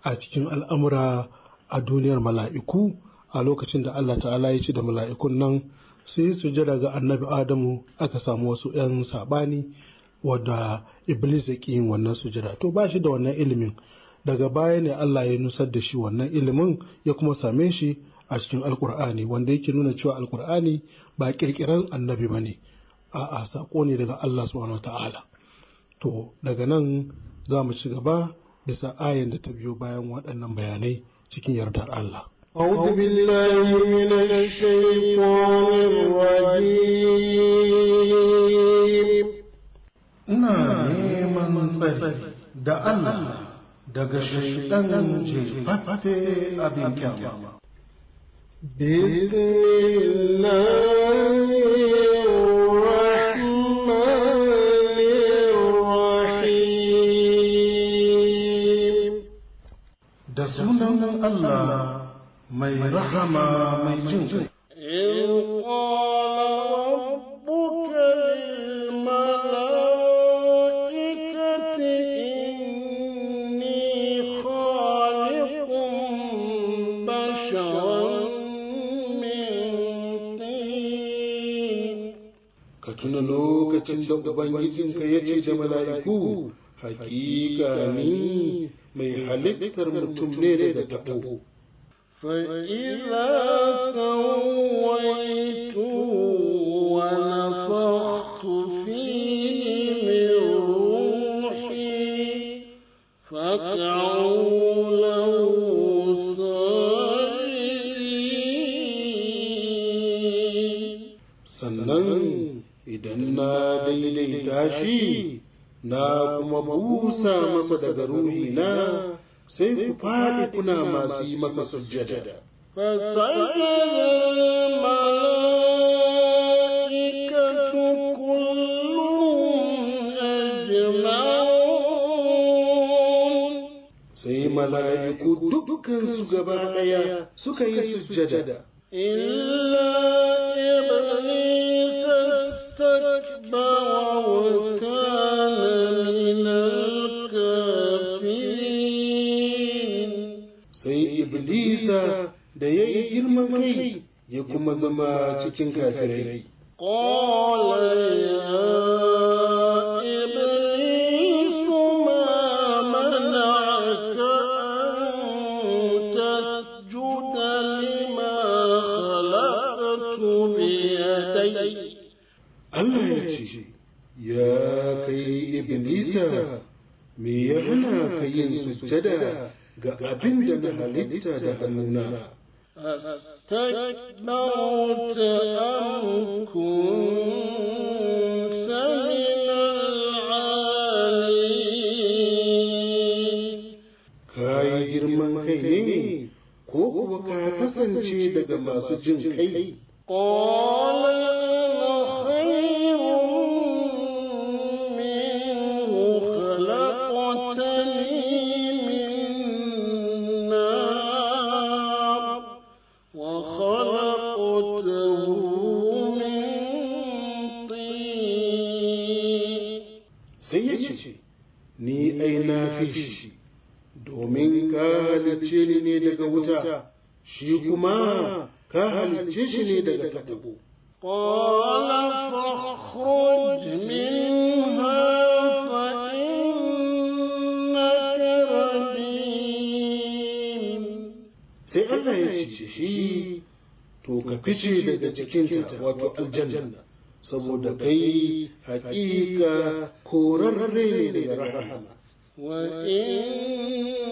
a cikin al'amura a duniyar mala'iku a lokacin da Allah ta'ala ya ci da mala'ikun nan su yi sujada ga annabi adamu aka samu wasu 'yan saɓani wadda iblis ya ƙi yin wannan sujada to ba shi da wannan ilimin daga baya ne allah ya nusar da shi wannan ilimin ya kuma same shi a cikin alkur'ani wanda yake nuna cewa alkur'ani ba ƙirƙirar annabi ba ne a'a saƙo ne daga allah subhanahu ta'ala to daga nan za mu ci gaba bisa ayan da ta biyo bayan waɗannan bayanai cikin yardar allah أعوذ بالله من الشيطان الرجيم ina neman tsari da Allah daga shaidan jefaffe abin kyama. Bismillah da sunan Allah mai rahama mai jin قال ربك للملائكة إني خالق بشرا من طين كتنا لوكة دبنجزن كيجي جملائكو حقيقة ني mai halittar mutum ne da tabo فإذا سويته ونفخت فيه من روحي فاقعوا له sannan idan na daidaita shi na kuma busa masa daga ruhina sai ku faɗi kuna masu yi masa sujjada. Sai mala'iku dukkan su gaba ɗaya suka yi sujjada. ya kuma zama cikin kafirai قال يا إبليس ما منعك أن تسجد لما خلقت بيدي Allah ya ce, Ya kai Iblisa, me ya hana ka yin sujjada ga abin da na halitta da hannuna? أستكبرت أم كنت من العالين كاي جرمان كيني كوكو كاتسن شيدك ما سجن كي قال شيكما كهل تشني دغ تتبو قال فاخرج منها فإنك رجيم سي أنت يتشي توك بيشي دغ تكينتا وكو الجنة سمود وإن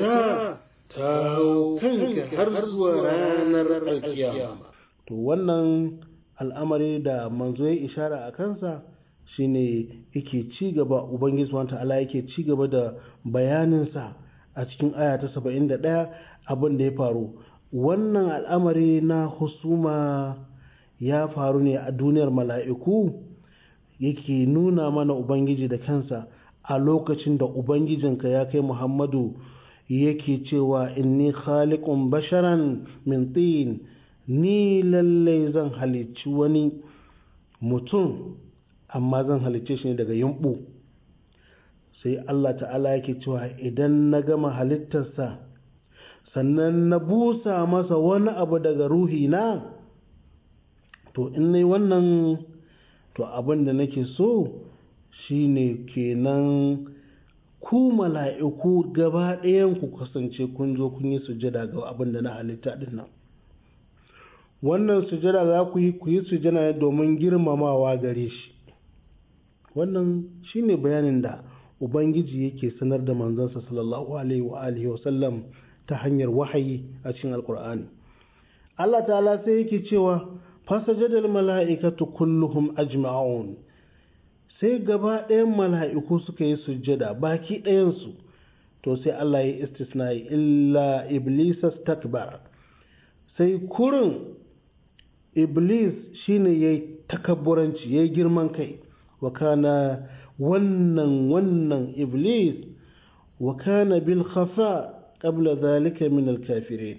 ta tawo kanka har zuwa ranar alkiyama to wannan al'amari da manzo ya ishara a kansa shine yake ci gaba ubangiji subhanahu ta'ala yake ci gaba da bayaninsa a cikin aya ta 71 abin da ya faru wannan al'amari na husuma ya faru ne a duniyar mala'iku yake nuna mana ubangiji da kansa a lokacin da ubangijinka ya kai muhammadu yake cewa inni khaliqun basharan min tin ni lallai zan halicci wani mutum amma zan halicce shi daga yumbu sai Allah ta'ala yake cewa idan na gama halittarsa sannan na busa masa wani abu daga ruhina to in nai wannan to abin da nake so shine kenan ku mala'iku gaba ɗayan ku kasance kun zo kun yi sujada ga abin da na halitta din nan wannan sujada za ku yi ku yi sujada domin girmamawa gare shi wannan shine bayanin da ubangiji yake sanar da manzansa sallallahu alaihi wa alihi wa sallam ta hanyar wahayi a cikin alkur'ani Allah ta'ala sai yake cewa fasajadal mala'ikatu kulluhum ajma'un sai gaba ɗayan mala'iku suka yi sujjada baki ɗayansu to sai Allah ya istisna illa iblis takbar sai kurin iblis shine ya takabburanci ya girman kai wakana wannan wannan iblis wakana bil khafa qabla zalika min al kafirin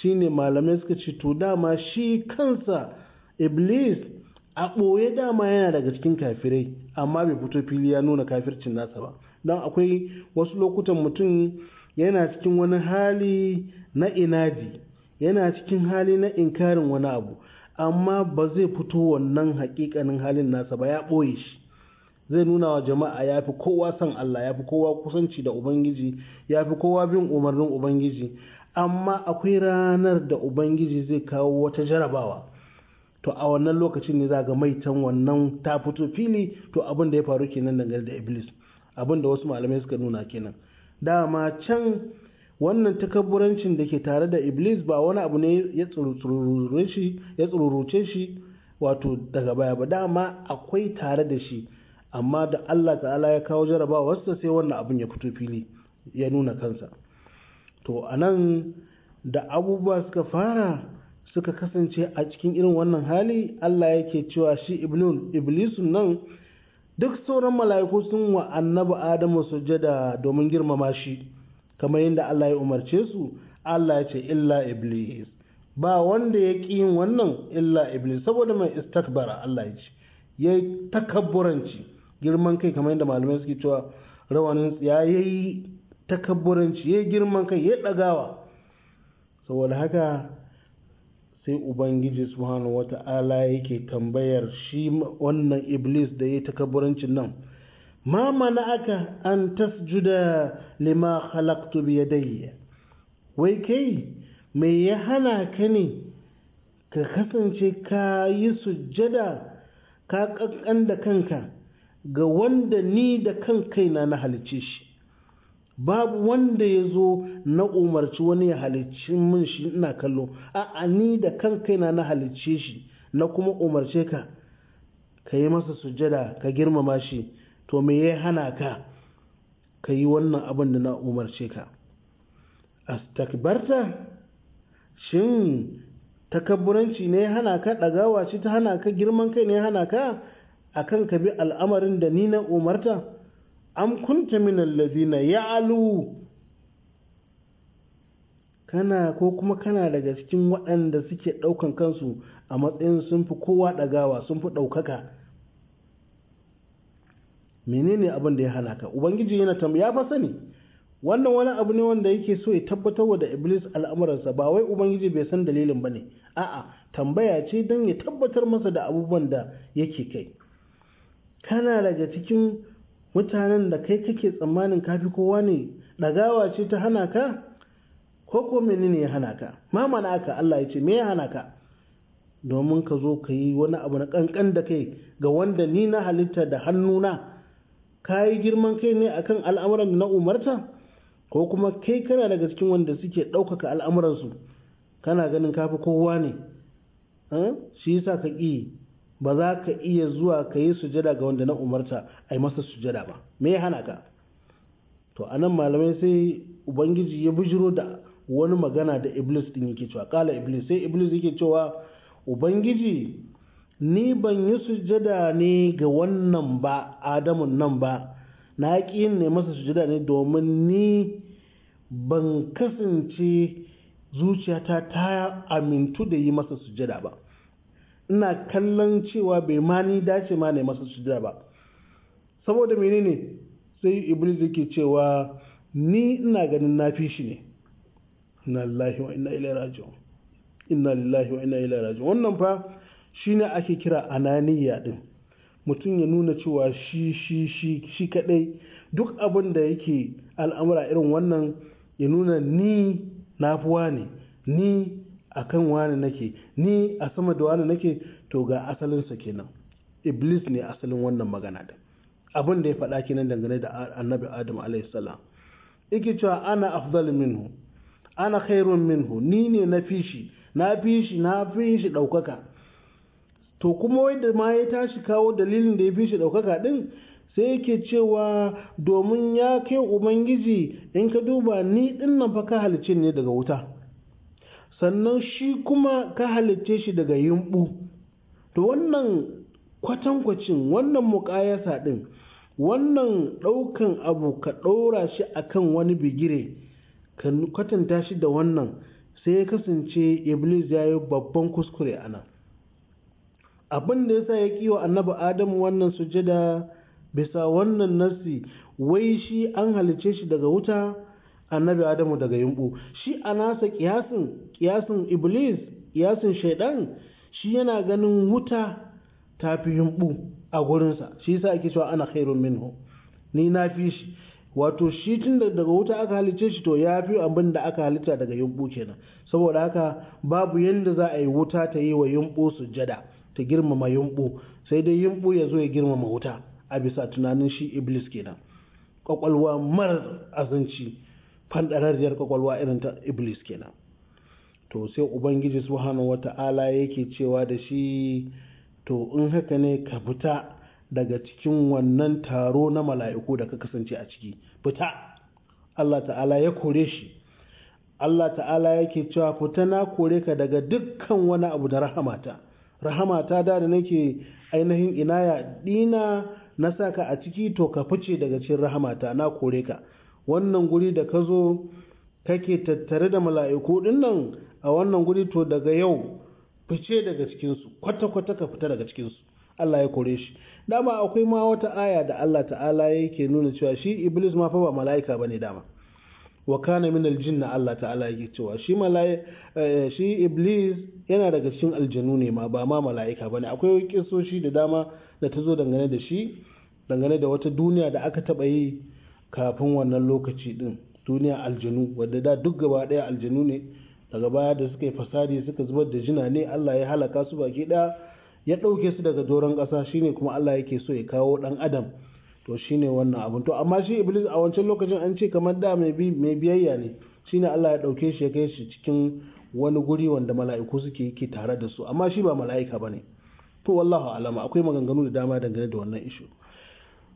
shine malamai suka ce to dama shi kansa iblis a ɓoye dama yana daga cikin kafirai amma bai fito fili ya nuna kafircin nasa ba don akwai wasu lokutan mutum yana cikin wani hali na inadi yana cikin hali na inkarin wani abu amma ba zai fito wannan hakikanin halin nasa ba ya ɓoye shi zai nuna wa jama'a ya fi kowa son Allah ya fi kowa kusanci da Ubangiji ya fi kowa bin umarnin Ubangiji amma akwai ranar da Ubangiji zai kawo wata jarabawa to a wannan lokacin ne za ga maitan wannan ta fito fili to abin da ya faru kenan dangane da iblis abin da wasu malamai suka nuna kenan dama can wannan takabburancin da ke tare da iblis ba wani abu ne ya tsururuce shi wato daga baya ba dama akwai tare da shi amma da allah ta'ala ya kawo jarabawa wasu sai wannan abin ya fito fili ya nuna kansa to anan da abubuwa suka fara suka kasance a cikin irin wannan hali Allah yake cewa shi iblun iblisun nan duk sauran mala'iku sun wa annabi adamu sujada domin girmama shi kamar yadda Allah ya umarce su Allah ya ce illa iblis ba wanda ya ƙi yin wannan illa iblis saboda mai istakbara Allah ya ce ya yi takabburanci girman kai kamar yadda malamai suke cewa rawanin ya yi takabburanci ya yi girman kai ya ɗagawa saboda haka sai ubangiji subhanahu ta'ala yake tambayar shi wannan iblis da ya takabburancin nan ma mana aka an tasjuda lima khalaqtu bi yadayya wai kai me ya hana ka ne ka kasance ka yi sujjada ka kankan da kanka ga wanda ni da kan kaina na halice shi babu wanda ya zo na umarci wani ya halicci min shi ina kallo a'a ni da kan kaina na halicce shi na kuma umarce ka ka yi masa sujada ka girmama shi to me ya hana ka ka yi wannan abin da na umarce ka astakbarta shin takabburanci ne ya hana ka ɗagawa shi ta hana ka girman kai ne ya hana ka akan ka bi al'amarin da ni na umarta am kunta min allazina ya'lu kana ko kuma kana daga cikin waɗanda suke ɗaukan kansu a matsayin sun fi kowa ɗagawa sun fi ɗaukaka menene abin da ya halaka ubangiji yana tam ya fa sani wannan wani abu ne wanda yake so ya tabbatar da iblis al'amuransa ba wai ubangiji bai san dalilin ba ne a'a tambaya ce don ya tabbatar masa da abubuwan da yake kai kana daga cikin mutanen da kai kake tsammanin kafi kowa ne ɗagawa ce ta hana ka ko ko menene ya hana ka ma aka Allah ya ce me ya hana ka domin ka zo ka yi wani abu na kankan da kai ga wanda ni na halitta da hannuna ka yi girman kai ne akan al'amuran na umarta ko kuma kai kana daga cikin wanda suke ɗaukaka al'amuransu kana ganin kafi kowa ne hm? shi yasa ka ƙi ba za ka iya zuwa ka yi sujada ga wanda na umarta a yi masa sujada ba me ya hana ka to anan malamai sai ubangiji ya bujiro da wani magana da iblis din yake cewa kala iblis sai iblis yake cewa ubangiji ni ban yi sujada ne ga wannan ba adamun nan ba na ƙi ne masa sujada ne domin ni ban kasance zuciyata ta amintu da yi masa sujada ba ina kallon cewa bai ma ni dace ma ne masa sujada ba saboda menene sai iblis yake cewa ni ina ganin na fi shi ne inna lillahi wa inna ilaihi raji'un wannan fa shine ake kira ananiya din mutum ya nuna cewa shi shi shi shi kadai duk abin da yake al'amura irin wannan ya nuna ni nafuwa ne ni a kan wani nake ni a sama da wani nake to ga asalinsa kenan iblis ne asalin wannan magana da abin da ya faɗa kenan dangane da annabi adam alaihissalam yake cewa ana afdal minhu ana khairun minhu ni ne na fi shi na fi shi na fi shi ɗaukaka to kuma wai da ma ya tashi kawo dalilin da ya fi shi ɗaukaka ɗin sai yake cewa domin ya kai ubangiji in ka duba ni ɗin nan fa ka halicce ne daga wuta sannan shi kuma ka halicce shi daga yunɓu. to wannan kwatankwacin wannan muƙayasa ɗin wannan ɗaukan abu ka ɗora shi akan wani bigire ka kwatanta shi da wannan sai ya kasance iblis ya yi babban kuskure a nan abin da ya sa ya kiwa annabi adamu wannan sujada bisa wannan nasi wai shi an halice shi daga wuta annabi adamu daga yumbu shi a nasa kiyasin kiyasin iblis kiyasin shaidan shi yana ganin wuta ta fi yumbu a gurinsa shi yasa ake cewa ana khairun minhu ni na fi shi wato shi tun daga wuta aka halice shi to ya fi abin da aka halitta daga yumbu kenan saboda haka babu yadda za a yi wuta ta yi wa yumbu sujjada ta girmama yumbu sai dai yumbu ya zo ya girmama wuta a bisa tunanin shi iblis kenan kwakwalwa marar azanci Fanɗararriyar kwakwalwa irin ta iblis kenan to sai ubangiji subhanahu wata'ala yake cewa da shi to in haka ne ka fita daga cikin wannan taro na mala'iku da ka kasance a ciki fita Allah ta'ala ya kore shi Allah ta'ala yake cewa fita na kore ka daga dukkan wani abu da rahamata rahamata da da nake ainihin inaya dina na saka a ciki to ka fice daga cikin rahamata na kore ka wannan guri da ka zo kake tattare da mala'iku dinnan a wannan guri to daga yau fice daga cikinsu kwata-kwata ka fita daga cikinsu Allah ya kore shi dama akwai ma wata aya da Allah ta'ala yake nuna cewa shi iblis ma fa ba mala'ika bane dama wa kana min aljinna Allah ta'ala yake cewa shi mala'ika eh, shi iblis yana daga cikin aljanu ne ma ba ma mala'ika bane akwai kisoshi da dama da ta zo dangane da shi dangane da wata duniya da aka taba yi kafin wannan lokaci din duniya aljanu wadda da duk gaba daya aljanu ne daga baya da suka yi fasadi suka zubar da jina ne Allah ya halaka su baki daya ya dauke su daga doron kasa shine kuma Allah yake so ya kawo dan adam to shine wannan abun to amma shi iblis a wancan lokacin an ce kamar da mai biyayya ne shine Allah ya dauke shi ya kai shi cikin wani guri wanda mala'iku suke yake tare da su amma shi ba mala'ika bane to wallahu alama akwai maganganu da dama dangane da wannan issue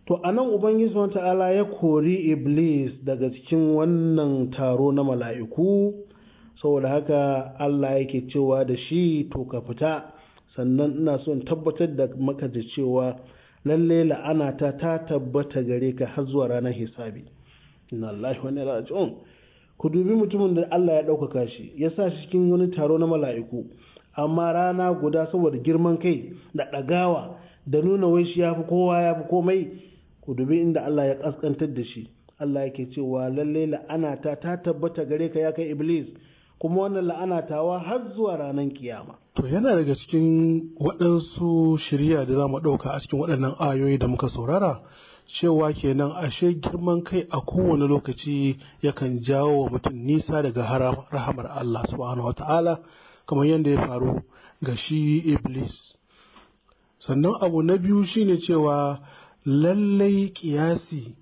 to a nan ubangiji wa ta'ala ya kori iblis daga cikin wannan taro na mala'iku saboda haka allah yake cewa da shi to ka fita sannan ina son tabbatar da maka da cewa lalle la'anata ta tabbata gare ka har zuwa ranar hisabi inna Allah wa inna ku dubi mutumin da allah ya ɗaukaka shi ya sa shi cikin wani taro na mala'iku amma rana guda saboda girman kai da ɗagawa da nuna wai shi ya fi kowa ya fi komai ku dubi inda Allah ya kaskantar da shi Allah yake cewa lallai la'anata ta ta tabbata gare ka ya kai iblis kuma wannan la'anata tawa har zuwa ranar kiyama to yana daga cikin waɗansu shirya da za mu ɗauka a cikin waɗannan ayoyi da muka saurara cewa kenan ashe girman kai a kowane lokaci yakan jawo wa mutum nisa daga rahamar Allah subhanahu wa kamar yadda ya faru ga shi iblis sannan abu na biyu shine cewa lallai kiyasi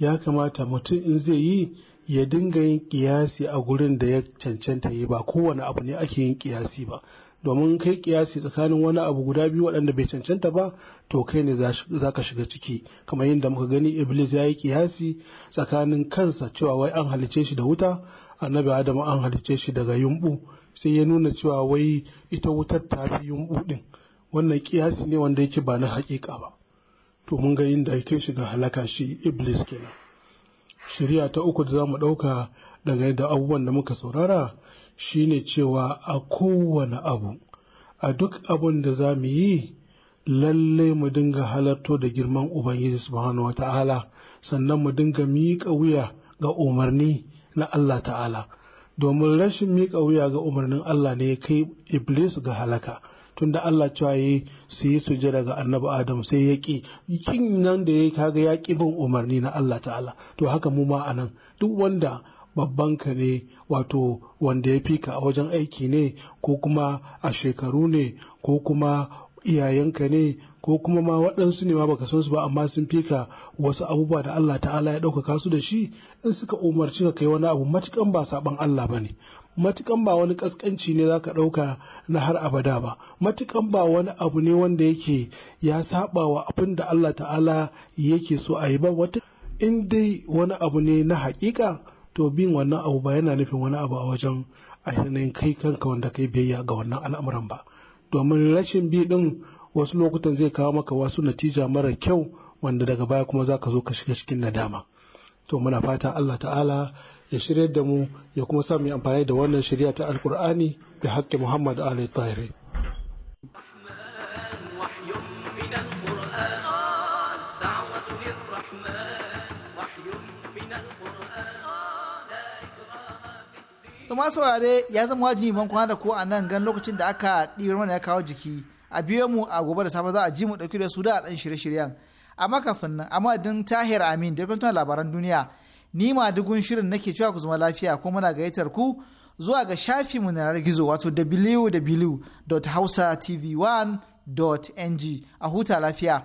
ya kamata mutum in zai yi ya dinga yin kiyasi a gurin da ya cancanta yi ba kowane abu ne ake yin kiyasi ba domin kai kiyasi tsakanin wani abu guda biyu waɗanda bai cancanta ba to kai ne za ka shiga ciki kamar yadda muka gani iblis ya yi kiyasi tsakanin kansa cewa wai an halice shi da wuta annabi adamu an halice shi daga yumbu sai ya nuna cewa wai ita wutar ta fi yumbu ɗin, wannan kiyasi ne wanda yake ba na hakika ba to mun ga inda ya kai shi ga halaka shi iblis kenan shari'a ta uku da za mu ɗauka daga da abubuwan da muka saurara shine cewa a kowane abu a duk abun da za mu yi lalle mu dinga halarto da girman ubangiji subhanahu wata'ala sannan mu dinga miƙa wuya ga umarni na Allah ta'ala domin rashin miƙa wuya ga umarnin Allah ne ya kai iblis ga halaka Tun da Allah cewa yi su yi sujada ga annabi Adam sai ya ki kin nan da ya kaga ya ki bin umarni na Allah ta'ala to haka mu ma anan duk wanda babban ka ne wato wanda ya fika a wajen aiki ne ko kuma a shekaru ne ko kuma iyayenka ne ko kuma ma waɗansu ne ma baka san su ba amma sun fika wasu abubuwa da Allah ta'ala ya ɗaukaka su da shi in suka umarci ka kai wani abu matukan ba saban Allah ba ne matukan ba wani kaskanci ne za ka ɗauka na har abada ba matukan ba wani abu ne wanda yake ya saba wa abin da Allah ta'ala yake so a yi ba wata in dai wani abu ne na haƙiƙa to bin wannan abu ba yana nufin wani abu a wajen ainihin kai kanka wanda kai biyayya ga wannan al'amuran ba domin rashin bi din wasu lokutan zai kawo maka wasu natija mara kyau wanda daga baya kuma za ka zo ka shiga cikin nadama to muna fata Allah ta'ala ya shirya da mu ya kuma sa mu amfani da wannan shirya ta alkur'ani da haƙƙin muhammad ali tahiri kuma saurare ya zama wajibi ban kwana da ko a nan gan lokacin da aka ɗibar mana ya kawo jiki a biyo mu a gobe da safe za a ji mu ɗauki da su da ɗan shirye-shiryen amma kafin nan amma din tahir amin da labaran duniya ni ma dugun shirin nake cewa ku zama lafiya kuma muna gayyatar ku zuwa ga shafi mu na gizo wato www.hausatv1.ng a huta lafiya.